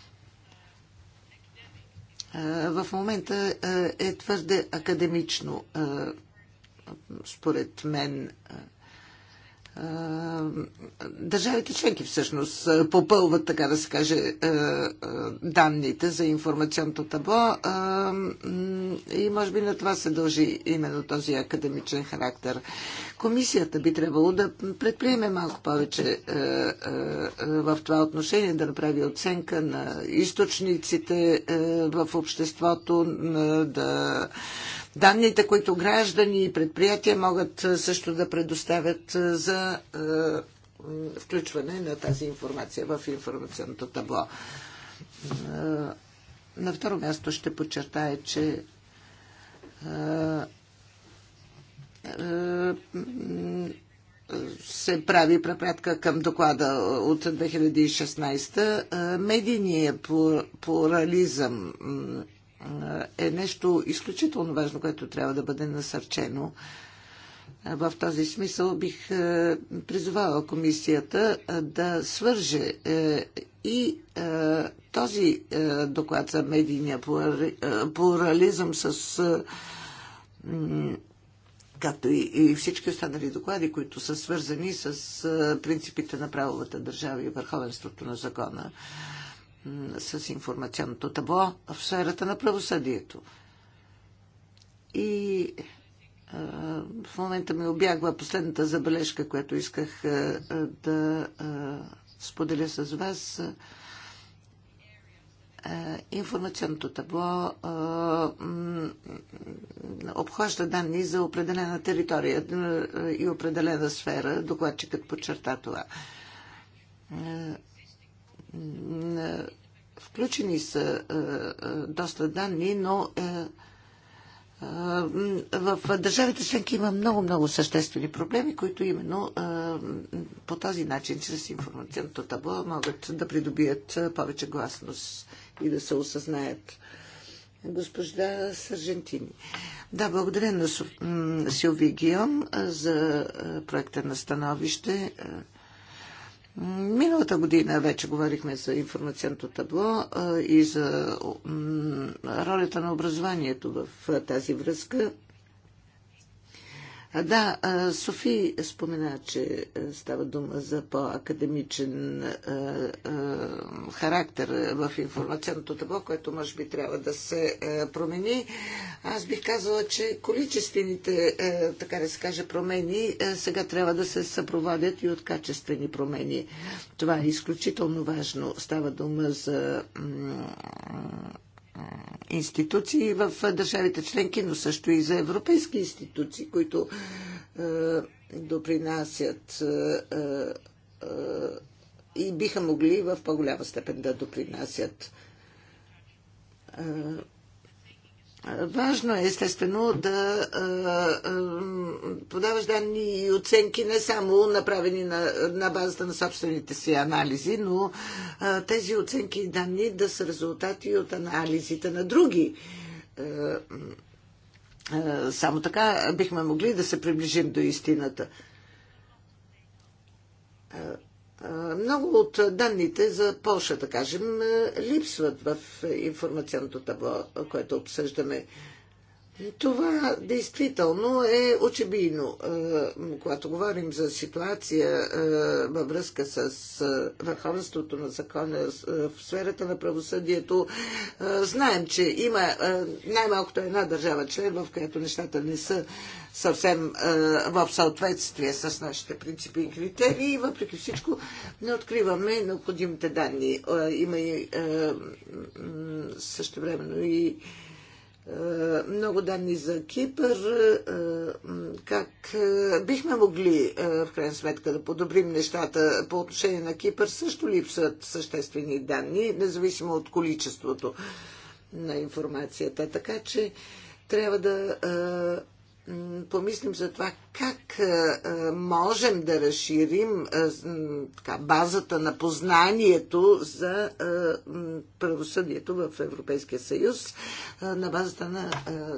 [SPEAKER 3] Е, в момента е твърде академично, според мен, държавите членки всъщност попълват, така да се каже, данните за информационното табло и може би на това се дължи именно този академичен характер. Комисията би трябвало да предприеме малко повече в това отношение, да направи оценка на източниците в обществото, да данните, които граждани и предприятия могат също да предоставят за включване на тази информация в информационното табло. На второ място ще подчертая, че се прави препратка към доклада от 2016. Медийният плурализъм е нещо изключително важно, което трябва да бъде насърчено. В този смисъл бих е, призовала комисията е, да свърже е, и този доклад за медийния плурализъм с както и всички останали доклади, които са свързани с принципите на правовата държава и върховенството на закона с информационното табло в сферата на правосъдието. И в момента ми обягва последната забележка, която исках да споделя с вас. Информационното табло обхваща данни за определена територия и определена сфера. Докладчикът подчерта това. Е, включени са е, е, доста данни, но в държавите членки има много-много съществени проблеми, които именно по този начин, чрез информационното табло, могат да придобият повече гласност и да се осъзнаят. Госпожда Сържентини. Да, благодаря на Силви Гион за проекта на становище. Миналата година вече говорихме за информационното табло и за ролята на образованието в тази връзка. Да, Софи спомена, че става дума за по-академичен характер в информационното табло, което може би трябва да се промени. Аз бих казала, че количествените, така да се каже, промени сега трябва да се съпроводят и от качествени промени. Това е изключително важно. Става дума за институции в държавите членки, но също и за европейски институции, които е, допринасят е, е, и биха могли в по-голяма степен да допринасят. Е, Важно е, естествено, да подаваш данни и оценки не само направени на, на базата на собствените си анализи, но тези оценки и данни да са резултати от анализите на други. Само така бихме могли да се приближим до истината. Е, много от данните за Польша, да кажем, е, липсват в информационното табло, което обсъждаме. Това действително е очебийно, е, когато говорим за ситуация е, във връзка с е, върховенството на закона в сферата на правосъдието. Знаем, че има най-малкото една държава член, в която нещата не са съвсем в съответствие с нашите принципи и критерии и въпреки всичко не откриваме необходимите данни. Има и също времено и е, много данни за Кипър. Е, как е, бихме могли в крайна сметка да подобрим нещата по отношение на Кипър? Също липсват съществени данни, независимо от количеството на информацията. Така че трябва да помислим за това как е, е, можем да разширим е, така, базата на познанието за правосъдието в Европейския съюз на базата на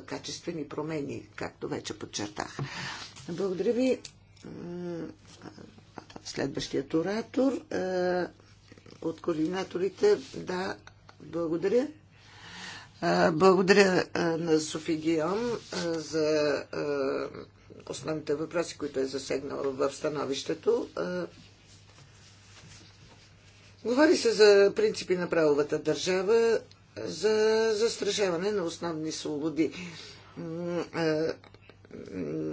[SPEAKER 3] качествени промени, както вече подчертах. Благодаря ви. Следващият оратор от координаторите. Да, благодаря. Благодаря на Софи Гион за основните въпроси, които е засегнала в становището. Говори се за принципи на правовата държава, за застрашаване на основни свободи.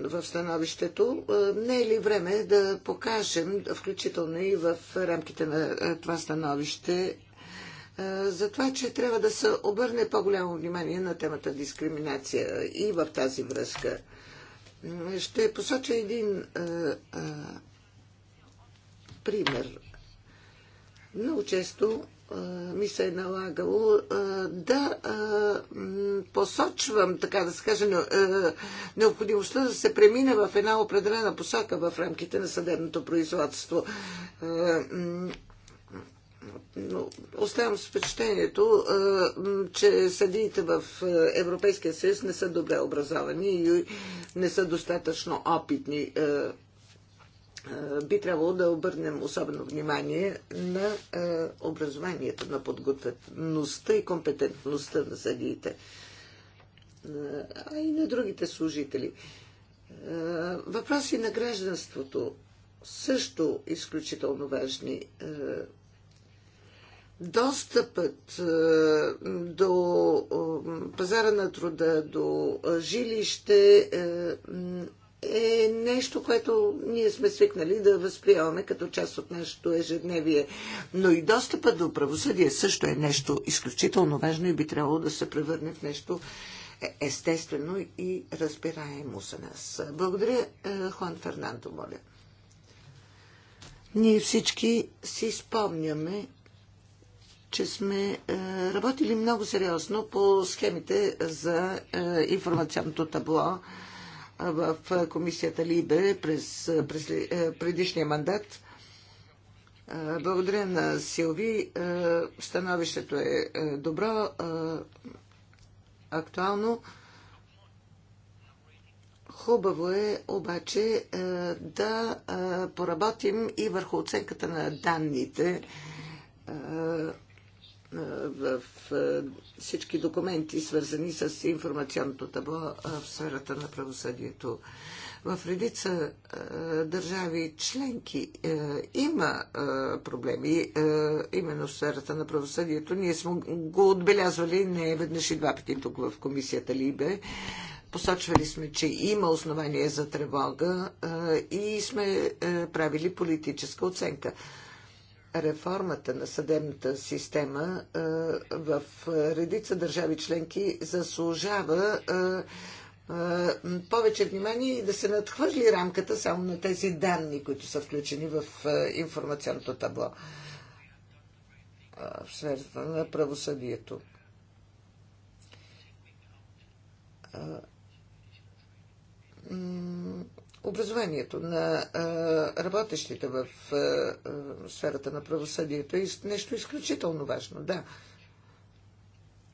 [SPEAKER 3] В становището не е ли време да покажем, включително и в рамките на това становище, за това, че трябва да се обърне по-голямо внимание на темата дискриминация и в тази връзка. Ще посоча един а, а, пример. Много често ми се е налагало да посочвам, така да се каже, необходимостта да се премине в една определена посока в рамките на съдебното производство оставам с впечатлението, че съдиите в Европейския съюз не са добре образовани и не са достатъчно опитни. Би трябвало да обърнем особено внимание на образованието, на подготвеността и компетентността на съдиите, а и на другите служители. Въпроси на гражданството също изключително важни достъпът е, до е, пазара на труда, до жилище е, е нещо, което ние сме свикнали да възприемаме като част от нашето ежедневие. Но и достъпът до правосъдие също е нещо изключително важно и би трябвало да се превърне в нещо естествено и разбираемо за нас. Благодаря, Хуан Фернандо, моля. Ние всички си спомняме че сме е, работили много сериозно по схемите за е, информационното табло е, в комисията Либе през, през предишния мандат. Благодаря на Силви. Становището е добро, актуално. Хубаво е обаче да поработим и върху оценката на данните в всички документи, свързани с информационното табло в сферата на правосъдието. В редица държави членки има проблеми именно в сферата на правосъдието. Ние сме го отбелязвали не веднъж и два пъти тук в комисията Либе. Посочвали сме, че има основание за тревога и сме правили политическа оценка реформата на съдебната система в редица държави членки заслужава повече внимание и да се надхвърли рамката само на тези данни, които са включени в информационното табло в сферата на правосъдието образованието на работещите в сферата на правосъдието е нещо изключително важно, да.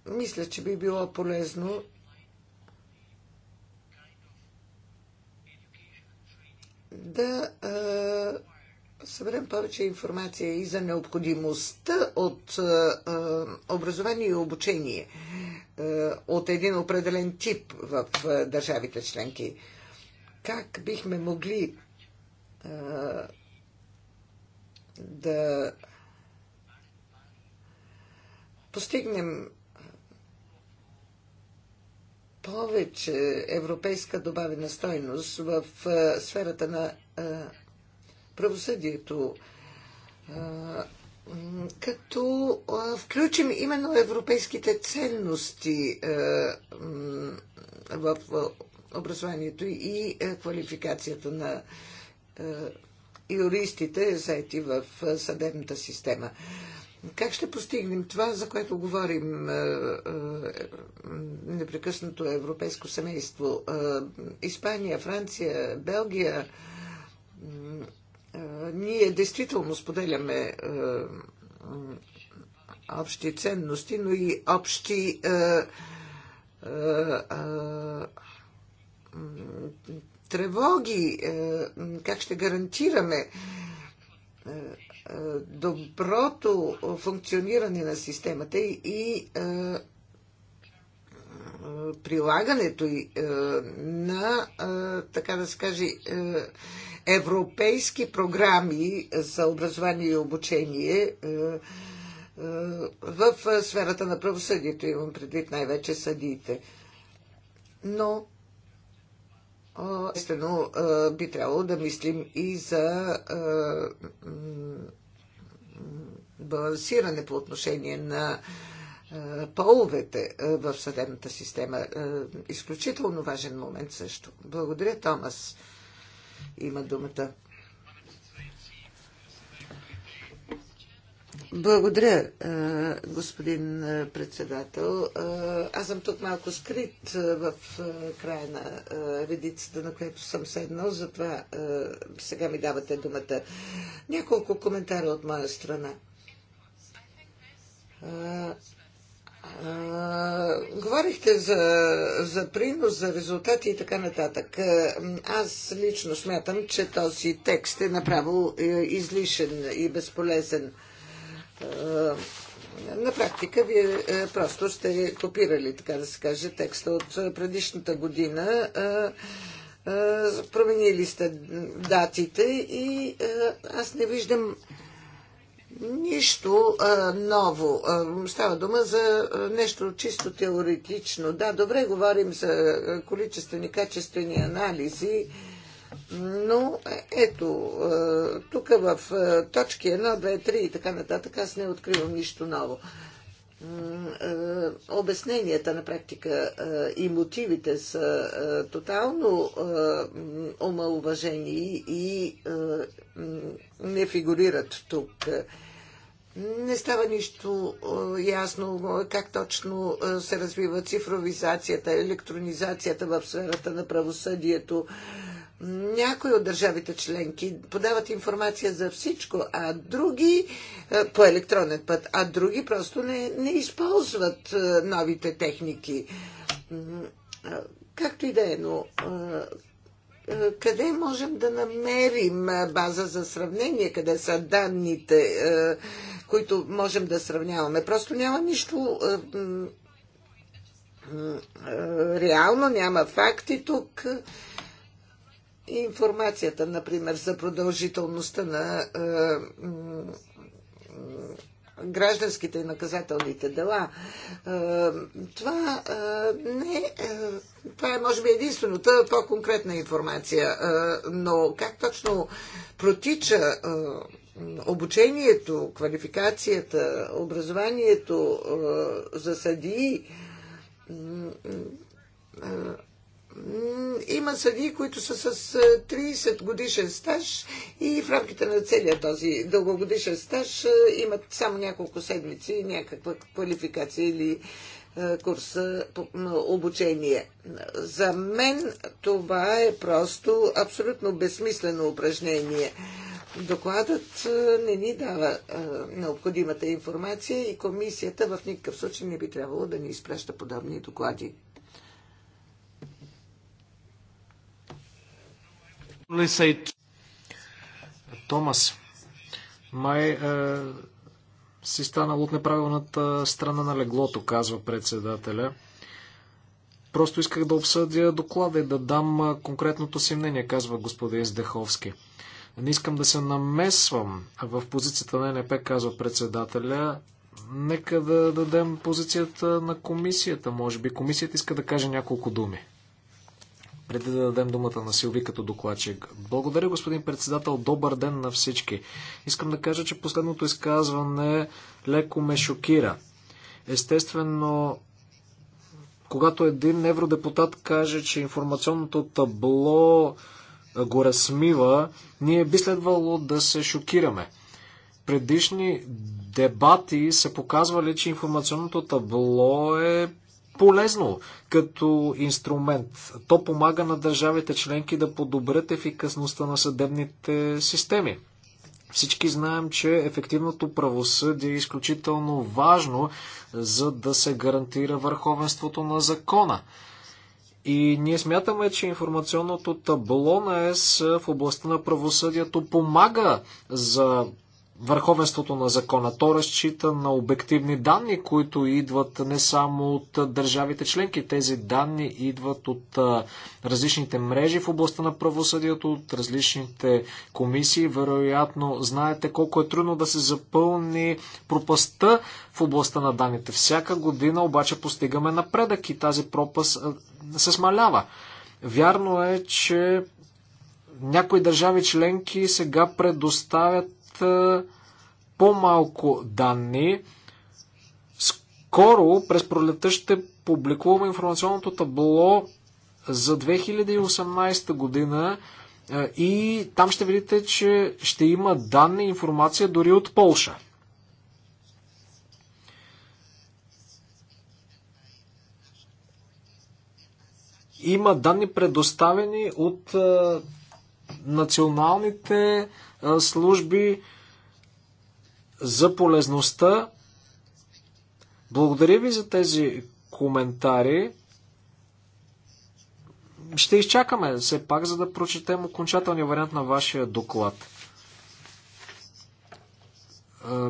[SPEAKER 3] Мисля, че би било полезно да съберем повече информация и за необходимостта от образование и обучение от един определен тип в държавите членки как бихме могли а, да постигнем повече европейска добавена стойност в а, сферата на а, правосъдието, а, като а, включим именно европейските ценности а, в образованието и е, квалификацията на е, юристите, заети в е, съдебната система. Как ще постигнем това, за което говорим непрекъснато европейско семейство? Испания, Франция, Белгия. Ние действително споделяме общи ценности, но и общи тревоги, е, как ще гарантираме е, е, доброто функциониране на системата и прилагането на, така да се каже, европейски програми за образование и обучение в сферата на правосъдието, имам предвид най-вече съдиите. Но Естествено, би трябвало да мислим и за балансиране по отношение на половете в съдебната система. Изключително важен момент също. Благодаря, Томас. Има думата. Благодаря, господин председател. Аз съм тук малко скрит в края на редицата, на която съм седнал, затова сега ми давате думата. Няколко коментара от моя страна. Говорихте за, за принос, за резултати и така нататък. Аз лично смятам, че този текст е направо е, излишен и безполезен. Е, на практика вие е, просто сте копирали, така да се каже, текста от предишната година. Е, променили сте датите и аз не виждам Нищо ново. става дума за нещо чисто теоретично. Да, добре говорим за количествени, качествени анализи. Но ето, е, тук в е, точки 1, 2, 3 и така нататък аз не откривам нищо ново. Е, обясненията на практика и мотивите са тотално омалуважени и не фигурират тук. Не става нищо ясно как точно се развива цифровизацията, електронизацията в сферата на правосъдието някои от държавите членки подават информация за всичко, а други е, по електронен път, а други просто не, не използват е, новите техники. Е, както и да е, но къде можем да намерим база за сравнение, къде са данните, които можем да сравняваме. Просто няма нищо реално, няма факти тук информацията, например, за продължителността на е, гражданските и наказателните дела. Е, това е, не това е, може би, единствената по-конкретна информация. Но как точно протича обучението, квалификацията, образованието за съдии, има съди, които са с 30 годишен стаж и в рамките на целия този дългогодишен стаж имат само няколко седмици някаква квалификация или курс обучение. За мен това е просто абсолютно безсмислено упражнение. Докладът не ни дава необходимата информация и комисията в никакъв случай не би трябвало да ни изпраща подобни доклади.
[SPEAKER 2] Томас, май е, си станал от неправилната страна на леглото, казва председателя. Просто исках да обсъдя доклада и да дам е, конкретното си мнение, казва господин Здеховски. Не искам да се намесвам в позицията на НП, казва председателя. Нека да дадем позицията на комисията, може би. Комисията иска да каже няколко думи преди да дадем думата на Силви като докладчик. Благодаря, господин председател. Добър ден на всички. Искам да кажа, че последното изказване леко ме шокира. Естествено, когато един евродепутат каже, че информационното табло го размива, ние би следвало да се шокираме. Предишни дебати са показвали, че информационното табло е полезно като инструмент. То помага на държавите членки да подобрят ефикасността на съдебните системи. Всички знаем, че ефективното правосъдие е изключително важно, за да се гарантира върховенството на закона. И ние смятаме, че информационното табло на ЕС в областта на правосъдието помага за върховенството на закона. То разчита на обективни данни, които идват не само от държавите членки. Тези данни идват от различните мрежи в областта на правосъдието, от различните комисии. Вероятно, знаете колко е трудно да се запълни пропаста в областта на данните. Всяка година обаче постигаме напредък и тази пропаст се смалява. Вярно е, че някои държави членки сега предоставят е, по-малко данни. Скоро, през пролета, ще публикуваме информационното табло за 2018 година е, и там ще видите, че ще има данни и информация дори от Полша. Има данни предоставени от е, националните служби за полезността. Благодаря ви за тези коментари. Ще изчакаме все пак, за да прочетем окончателния вариант на вашия доклад.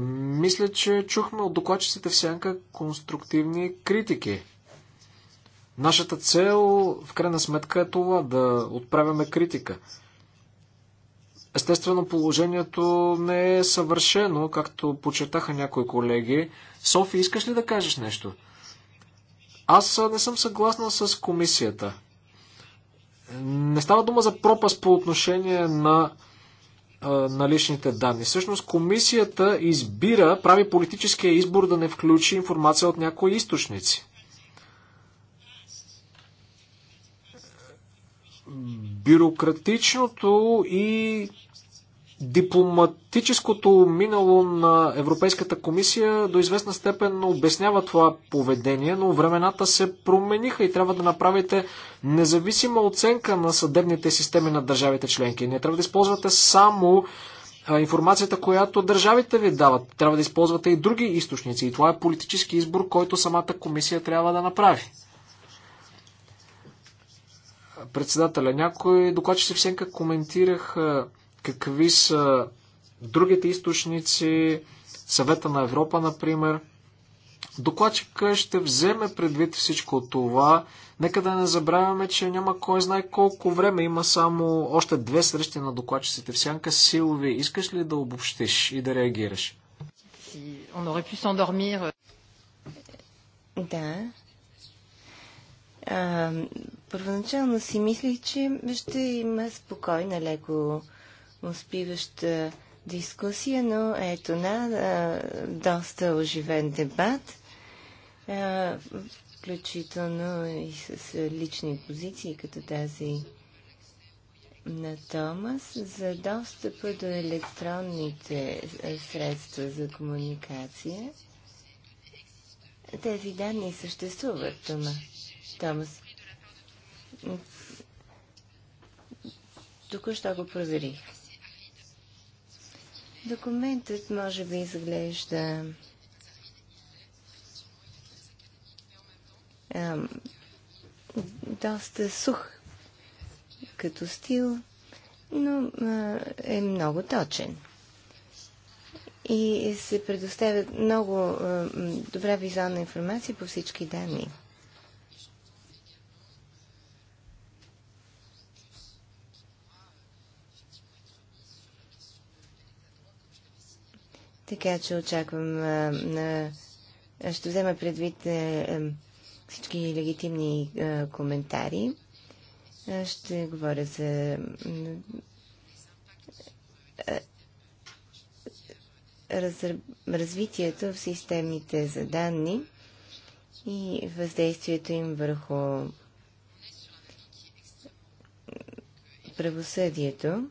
[SPEAKER 2] Мисля, че чухме от докладчиците в сянка конструктивни критики. Нашата цел, в крайна сметка, е това да отправяме критика. Естествено, положението не е съвършено, както почертаха някои колеги. Софи, искаш ли да кажеш нещо? Аз не съм съгласна с комисията. Не става дума за пропаст по отношение на на личните данни. Всъщност комисията избира, прави политическия избор да не включи информация от някои източници. Бюрократичното и Дипломатическото минало на Европейската комисия до известна степен обяснява това поведение, но времената се промениха и трябва да направите независима оценка на съдебните системи на държавите членки. Не трябва да използвате само информацията, която държавите ви дават. Трябва да използвате и други източници. И това е политически избор, който самата комисия трябва да направи. Председателя, някои докладчици в Сенка коментираха какви са другите източници, съвета на Европа, например. Докладчика ще вземе предвид всичко това. Нека да не забравяме, че няма кой знае колко време. Има само още две срещи на докладчиците. В сянка Силви, искаш ли да обобщиш и да реагираш?
[SPEAKER 1] Да. А, първоначално си мислих, че ще има спокойна, леко успиваща дискусия, но ето на доста оживен дебат, включително и с лични позиции, като тази на Томас за достъпа до електронните средства за комуникация. Тези данни съществуват, Тома. Томас. Току-що го проверих. Документът може би изглежда ам, доста сух като стил, но а, е много точен. И се предоставят много а, добра визуална информация по всички данни. Така че очаквам. А, а, ще взема предвид а, всички легитимни коментари. ще говоря за раз, развитието в системите за данни и въздействието им върху правосъдието.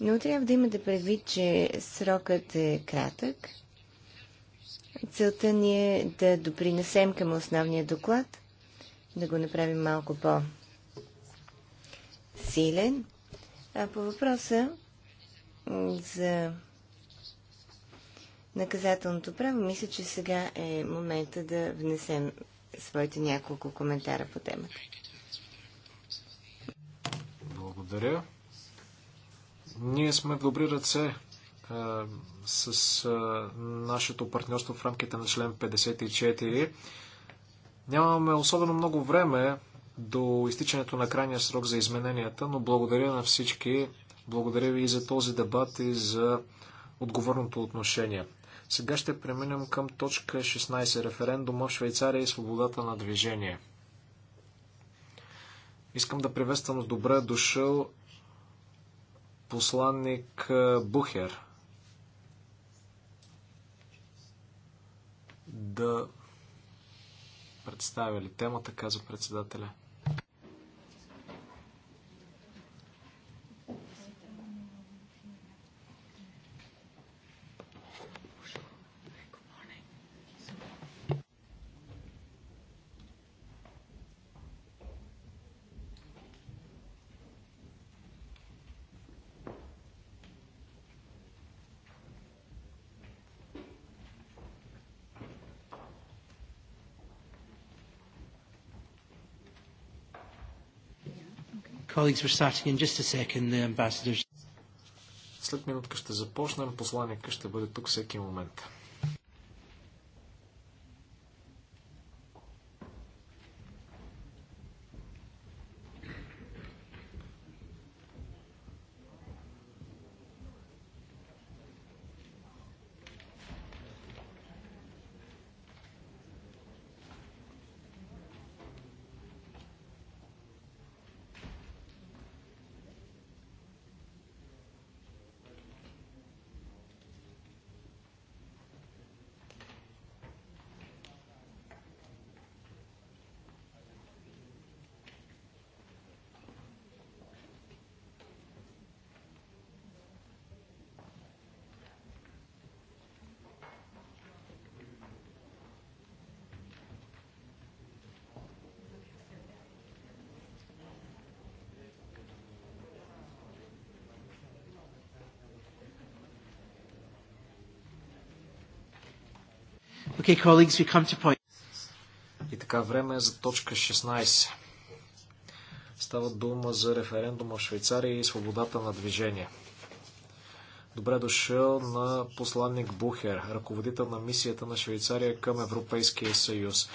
[SPEAKER 1] Но трябва да имате предвид, че срокът е кратък. Целта ни е да допринесем към основния доклад, да го направим малко по-силен. А по въпроса за наказателното право, мисля, че сега е момента да внесем своите няколко коментара по темата.
[SPEAKER 2] Благодаря. Ние сме в добри ръце е, с а, е, нашето партньорство в рамките на член 54. Нямаме особено много време до изтичането на крайния срок за измененията, но благодаря на всички. Благодаря ви и за този дебат и за отговорното отношение. Сега ще преминем към точка 16. Референдума в Швейцария и свободата на движение. Искам да приветствам с добре дошъл посланник Бухер да представя ли темата, казва председателя.
[SPEAKER 3] Colleagues, we're starting in just a second. The ambassadors.
[SPEAKER 2] След минутка ще започнем. посланика ще бъде тук всеки момент. Okay, colleagues, we come to point. И така, време е за точка 16. Става дума за референдума в Швейцария и свободата на движение. Добре дошъл на посланник Бухер, ръководител на мисията на Швейцария към Европейския съюз.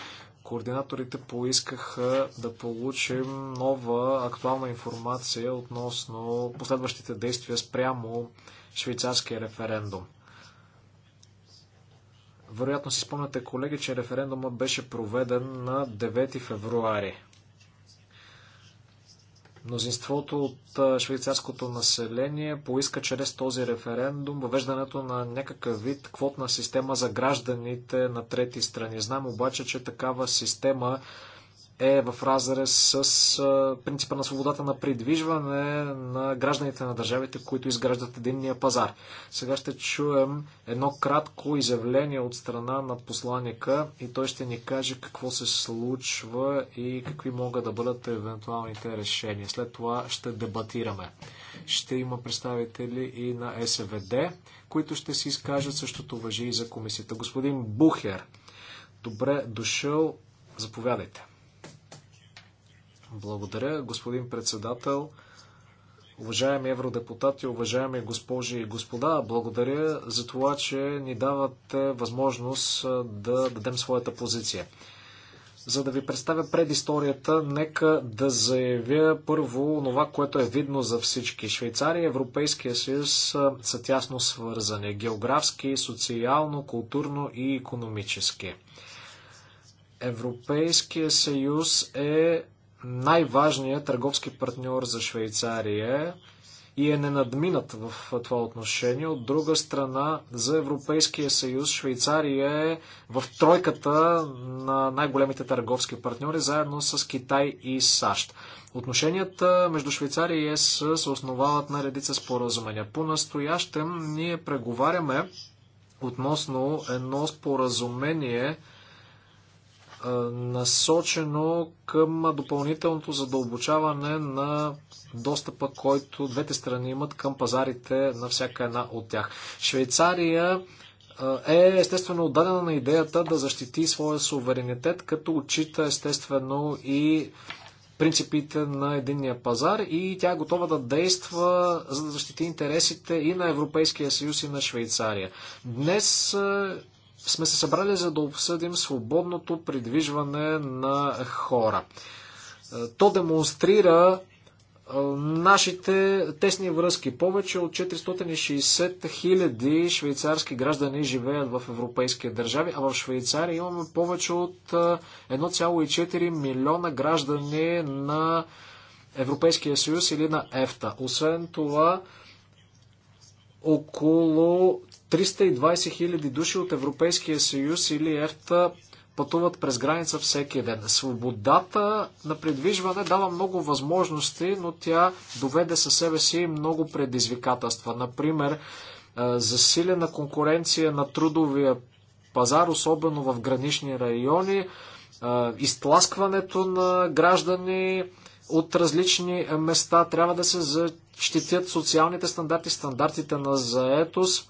[SPEAKER 2] Координаторите поискаха да получим нова актуална информация относно последващите действия спрямо швейцарския референдум. Вероятно си спомняте, колеги, че референдумът беше проведен на 9 февруари. Мнозинството от швейцарското население поиска чрез този референдум въвеждането на някакъв вид квотна система за гражданите на трети страни. Знам обаче, че такава система е в разрез с принципа на свободата на придвижване на гражданите на държавите, които изграждат единния пазар. Сега ще чуем едно кратко изявление от страна на посланника и той ще ни каже какво се случва и какви могат да бъдат евентуалните решения. След това ще дебатираме. Ще има представители и на СВД, които ще си изкажат. Същото въжи и за комисията. Господин Бухер, добре дошъл. Заповядайте. Благодаря, господин председател. Уважаеми евродепутати, уважаеми госпожи и господа, благодаря за това, че ни давате възможност да дадем своята позиция. За да ви представя предисторията, нека да заявя първо това, което е видно за всички. Швейцария и Европейския съюз са, са тясно свързани географски, социално, културно и економически. Европейския съюз е най-важният търговски партньор за Швейцария и е ненадминат в това отношение. От друга страна, за Европейския съюз Швейцария е в тройката на най-големите търговски партньори, заедно с Китай и САЩ. Отношенията между Швейцария и ЕС се основават на редица споразумения. По-настоящем ние преговаряме относно едно споразумение, е, насочено към допълнителното задълбочаване на достъпа, който двете страни имат към пазарите на всяка една от тях. Швейцария е естествено отдадена на идеята да защити своя суверенитет, като отчита естествено и принципите на единния пазар и тя е готова да действа за да защити интересите и на Европейския съюз и на Швейцария. Днес е, сме се събрали за да обсъдим свободното придвижване на хора. Е, то демонстрира е, нашите тесни връзки. Повече от 460 хиляди швейцарски граждани живеят в европейския държави, а в Швейцария имаме повече от 1,4 е, милиона граждани на Европейския съюз или на ЕФТА. Освен това, около 320 000 души от Европейския съюз или ЕФТА пътуват през граница всеки ден. Свободата на придвижване дава много възможности, но тя доведе със себе си много предизвикателства. Например, засилена конкуренция на трудовия пазар, особено в гранични райони, изтласкването на граждани от различни места, трябва да се защитят социалните стандарти, стандартите на заетост,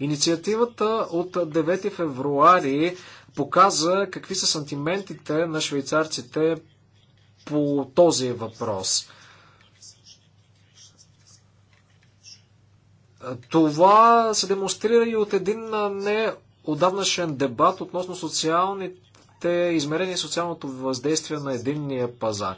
[SPEAKER 2] Инициативата от 9 февруари показа какви са сантиментите на швейцарците по този въпрос. Това се демонстрира и от един не отдавнашен дебат относно социалните измерения и социалното въздействие на единния пазар.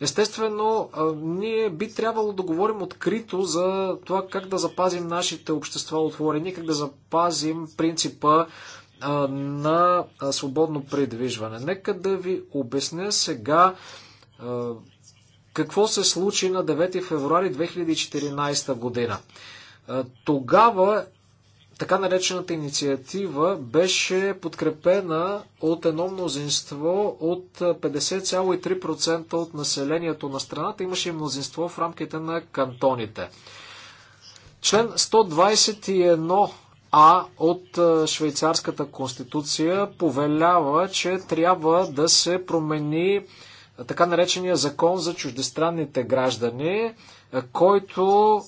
[SPEAKER 2] Естествено, ние би трябвало да говорим открито за това как да запазим нашите общества отворени, как да запазим принципа на свободно придвижване. Нека да ви обясня сега какво се случи на 9 февруари 2014 година. Тогава така наречената инициатива беше подкрепена от едно мнозинство от 50,3% от населението на страната. Имаше и мнозинство в рамките на кантоните. Член 121 а от швейцарската конституция повелява, че трябва да се промени така наречения закон за чуждестранните граждани, който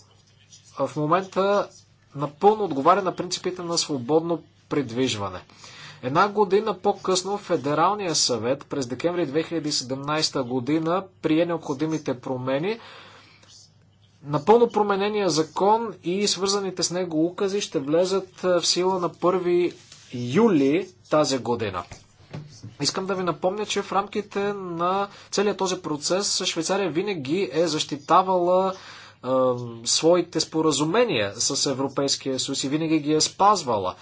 [SPEAKER 2] в момента напълно отговаря на принципите на свободно придвижване. Една година по-късно Федералния съвет през декември 2017 година прие необходимите промени. Напълно променения закон и свързаните с него укази ще влезат е, в сила на 1 юли тази година. Искам да ви напомня, че в рамките на целият този процес Швейцария винаги е защитавала своите споразумения с Европейския съюз и винаги ги е спазвала.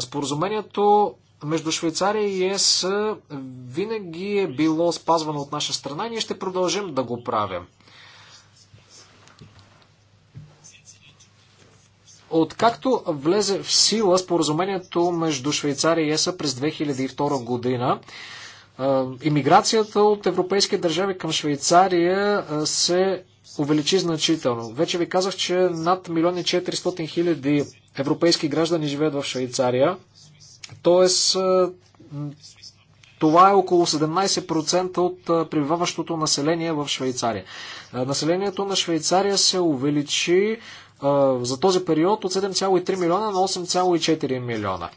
[SPEAKER 2] споразумението между Швейцария и ЕС винаги е било спазвано от наша страна и ние ще продължим да го правим. Откакто влезе в сила споразумението между Швейцария и ЕСА през 2002 година, Имиграцията от европейски държави към Швейцария се увеличи значително. Вече ви казах, че над 1 400 хиляди европейски граждани живеят в Швейцария. Тоест, това е около 17% от пребиваващото население в Швейцария. Населението на Швейцария се увеличи за този период от 7,3 милиона на 8,4 милиона.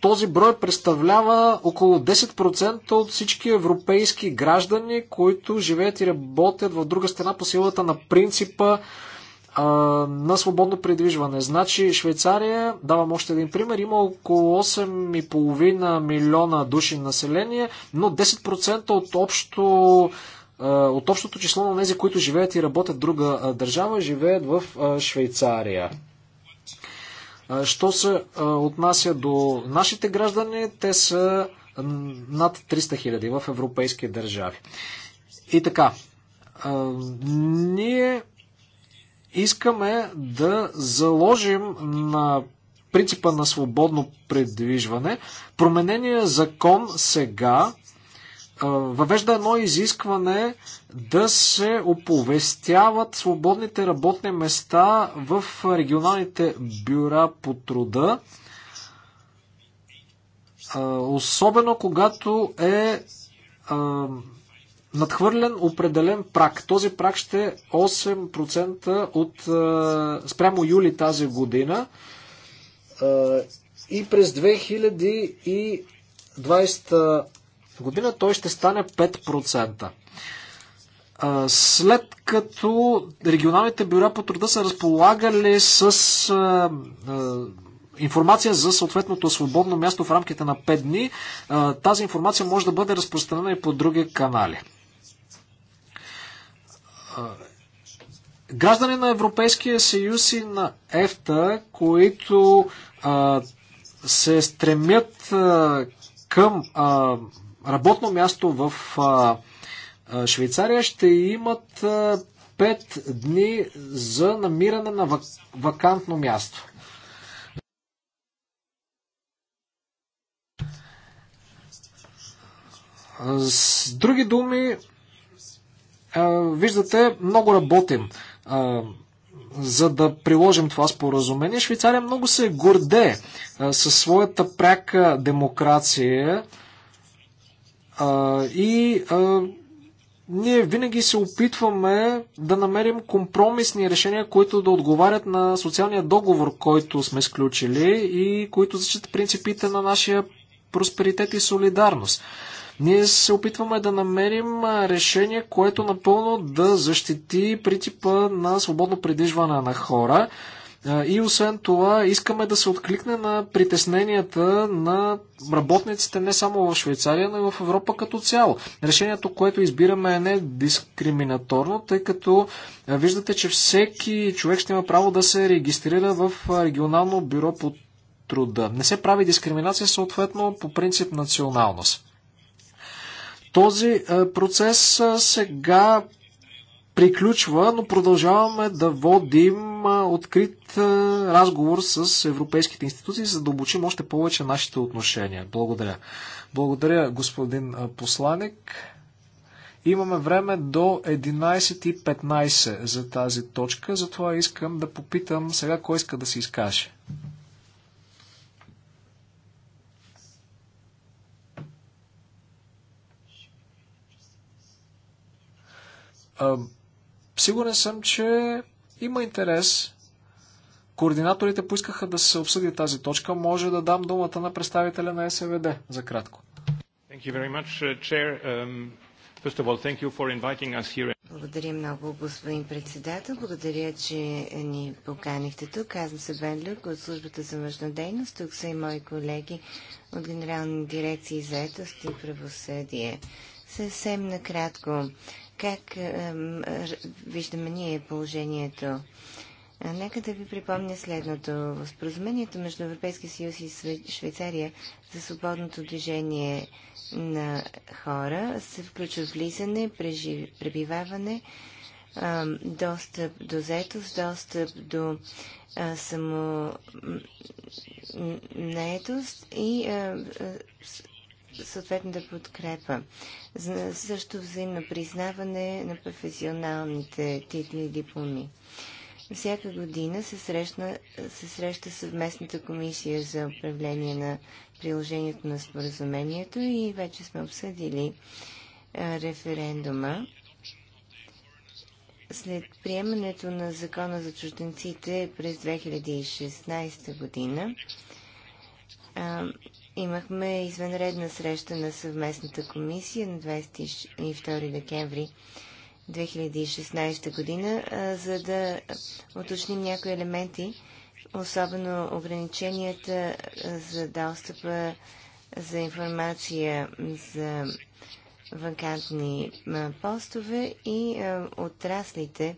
[SPEAKER 2] този брой представлява около 10% от всички европейски граждани, които живеят и работят в друга страна по силата на принципа на свободно придвижване. Значи Швейцария, давам още един пример, има около 8,5 милиона души население, но 10% от общо от общото число на тези, които живеят и работят в друга държава, живеят в Швейцария. Що се отнася до нашите граждани, те са над 300 хиляди в европейски държави. И така, ние искаме да заложим на принципа на свободно предвижване. Променения закон сега въвежда едно изискване да се оповестяват свободните работни места в регионалните бюра по труда, особено когато е надхвърлен определен прак. Този прак ще е 8% от спрямо юли тази година и през 2020 година той ще стане 5%. След като регионалните бюра по труда са разполагали с информация за съответното свободно място в рамките на 5 дни, тази информация може да бъде разпространена и по други канали. Граждани на Европейския съюз и на ЕФТА, които се стремят към а, работно място в Швейцария ще имат 5 дни за намиране на вакантно място. С други думи, виждате, много работим за да приложим това споразумение. Швейцария много се горде със своята пряка демокрация. А, и а, ние винаги се опитваме да намерим компромисни решения, които да отговарят на социалния договор, който сме сключили и които защитат принципите на нашия просперитет и солидарност. Ние се опитваме да намерим решение, което напълно да защити принципа на свободно придвижване на хора, и освен това, искаме да се откликне на притесненията на работниците не само в Швейцария, но и в Европа като цяло. Решението, което избираме е не дискриминаторно, тъй като виждате, че всеки човек ще има право да се регистрира в регионално бюро по труда. Не се прави дискриминация, съответно, по принцип националност. Този процес сега приключва, но продължаваме да водим открит разговор с европейските институции, за да обучим още повече нашите отношения. Благодаря. Благодаря, господин посланик. Имаме време до 11.15 за тази точка, затова искам да попитам сега кой иска да се изкаже. Сигурен съм, че има интерес. Координаторите поискаха да се обсъди тази точка. Може да дам думата на представителя на СВД за кратко. Uh, um,
[SPEAKER 1] Благодаря много, господин председател. Благодаря, че ни поканихте тук. Аз съм се Вен от службата за външна дейност. Тук са и мои колеги от Генерални дирекции заетост и правосъдие. Съвсем накратко. Как виждаме ние положението? Нека да ви припомня следното. В споразумението между Европейския съюз и Швейцария за свободното движение на хора се включва влизане, прежив... пребиваване, достъп до заетост, достъп до а, само наетост и съответната подкрепа. За, също взаимно признаване на професионалните титли и дипломи. Всяка година се, срещна, се среща съвместната комисия за управление на приложението на споразумението и вече сме обсъдили референдума. След приемането на закона за чужденците през 2016 година, Имахме извънредна среща на съвместната комисия на 22 декември 2016 година, за да уточним някои елементи, особено ограниченията за достъпа за информация за вакантни постове и отраслите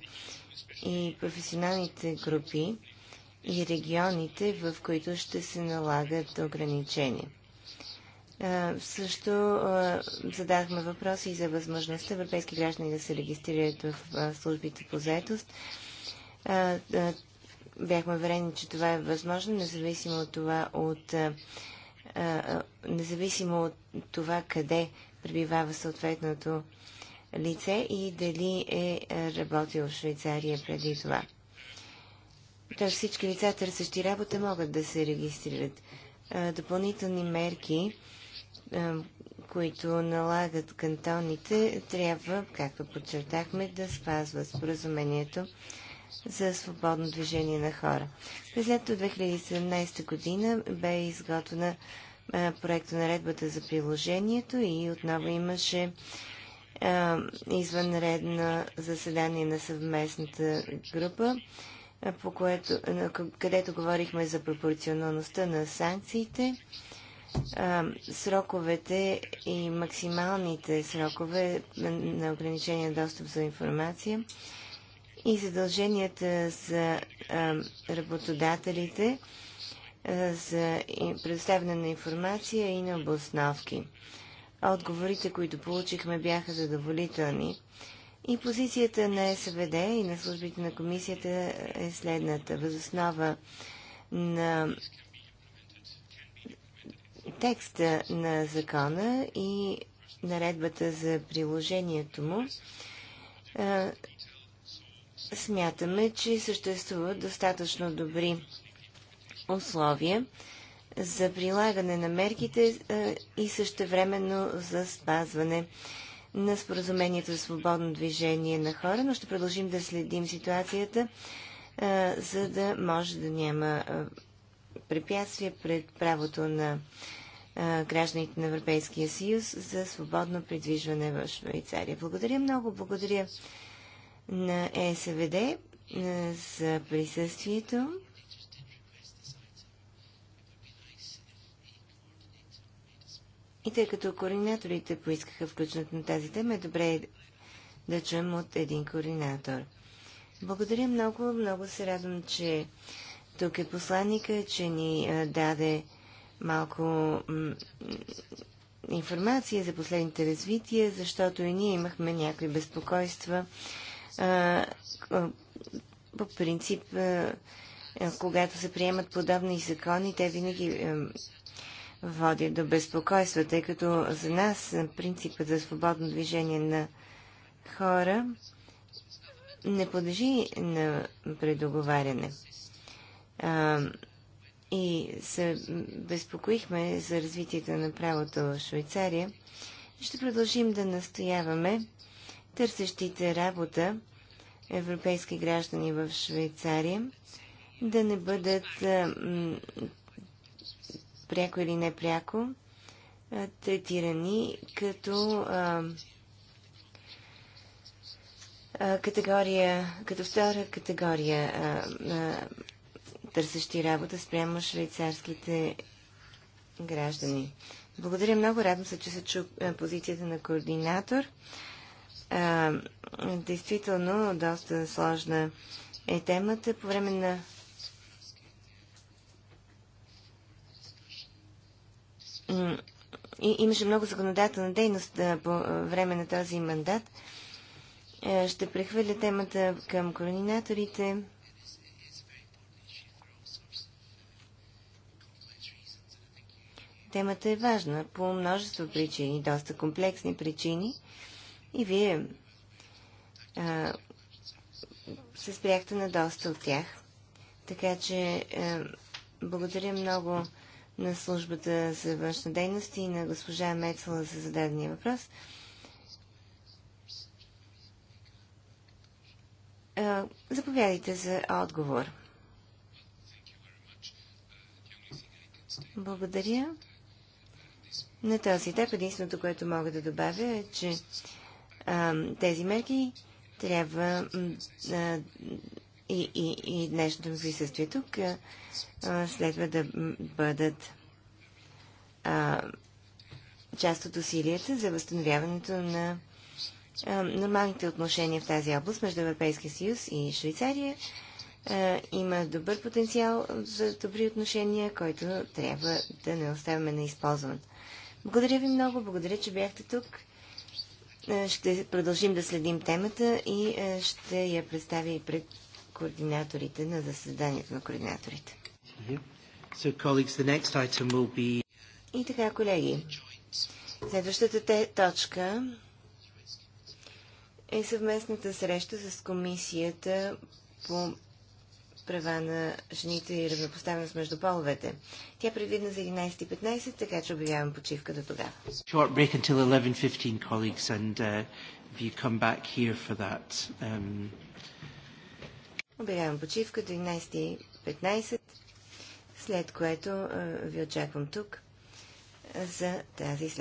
[SPEAKER 1] и професионалните групи, и регионите, в които ще се налагат ограничения. също задахме въпроси за възможността европейски граждани да се регистрират в службите по заетост. Бяхме уверени, че това е възможно, независимо от това, от, независимо от това къде пребивава съответното лице и дали е работил в Швейцария преди това. Тоест всички лица, търсещи работа, могат да се регистрират. Допълнителни мерки, които налагат кантоните, трябва, както подчертахме, да спазват споразумението за свободно движение на хора. През лято 2017 година бе изготвена проекта на редбата за приложението и отново имаше извънредно заседание на съвместната група по което, където говорихме за пропорционалността на санкциите, сроковете и максималните срокове на ограничения достъп за информация и задълженията за работодателите за предоставяне на информация и на обосновки. Отговорите, които получихме, бяха задоволителни и позицията на СВД и на службите на комисията е следната. Възоснова на текста на закона и наредбата за приложението му, смятаме, че съществуват достатъчно добри условия за прилагане на мерките и същевременно за спазване на споразумението за свободно движение на хора, но ще продължим да следим ситуацията, за да може да няма препятствия пред правото на гражданите на Европейския съюз за свободно придвижване в Швейцария. Благодаря много, благодаря на ЕСВД за присъствието. И тъй като координаторите поискаха включването на тази тема, е добре да чуем от един координатор. Благодаря много, много се радвам, че тук е посланника, че ни даде малко информация за последните развития, защото и ние имахме някои безпокойства. по принцип, когато се приемат подобни закони, те винаги води до безпокойство, тъй като за нас е, принципът за свободно движение на хора не подлежи на предоговаряне. А, и се безпокоихме за развитието на правото в Швейцария. Ще продължим да настояваме търсещите работа европейски граждани в Швейцария да не бъдат а, пряко или непряко, третирани като а, категория, като втора категория а, търсещи работа спрямо швейцарските граждани. Благодаря много. Радвам се, че се чу позицията на координатор. действително, доста сложна е темата. По време на и, имаше много законодателна дейност а, по а, време на този мандат. А, е, ще прехвърля темата към координаторите. Темата е важна по множество причини, доста комплексни причини. И вие а, се спряхте на доста от тях. Така че а, е, благодаря много на службата за външна дейност и на госпожа Мецла за зададения въпрос. Заповядайте за отговор. Благодаря. На този етап единственото, което мога да добавя е, че а, тези мерки трябва а, и, и, и днешното присъствие тук а, следва да бъдат а, част от усилията за възстановяването на а, нормалните отношения в тази област между Европейския съюз и Швейцария. А, има добър потенциал за добри отношения, който трябва да не оставяме използван. Благодаря ви много, благодаря, че бяхте тук. Ще продължим да следим темата и ще я представя и пред координаторите на заседанието на координаторите. И така, колеги, следващата точка е съвместната среща с Комисията по права на жените и равнопоставеност между половете. Тя е предвидна за 11.15, така че обявявам почивка до тогава.
[SPEAKER 3] Short break until 11.15, colleagues, and uh, if you come back here for that, um...
[SPEAKER 1] Обявявам почивка до 11.15, след което ви очаквам тук за тази след.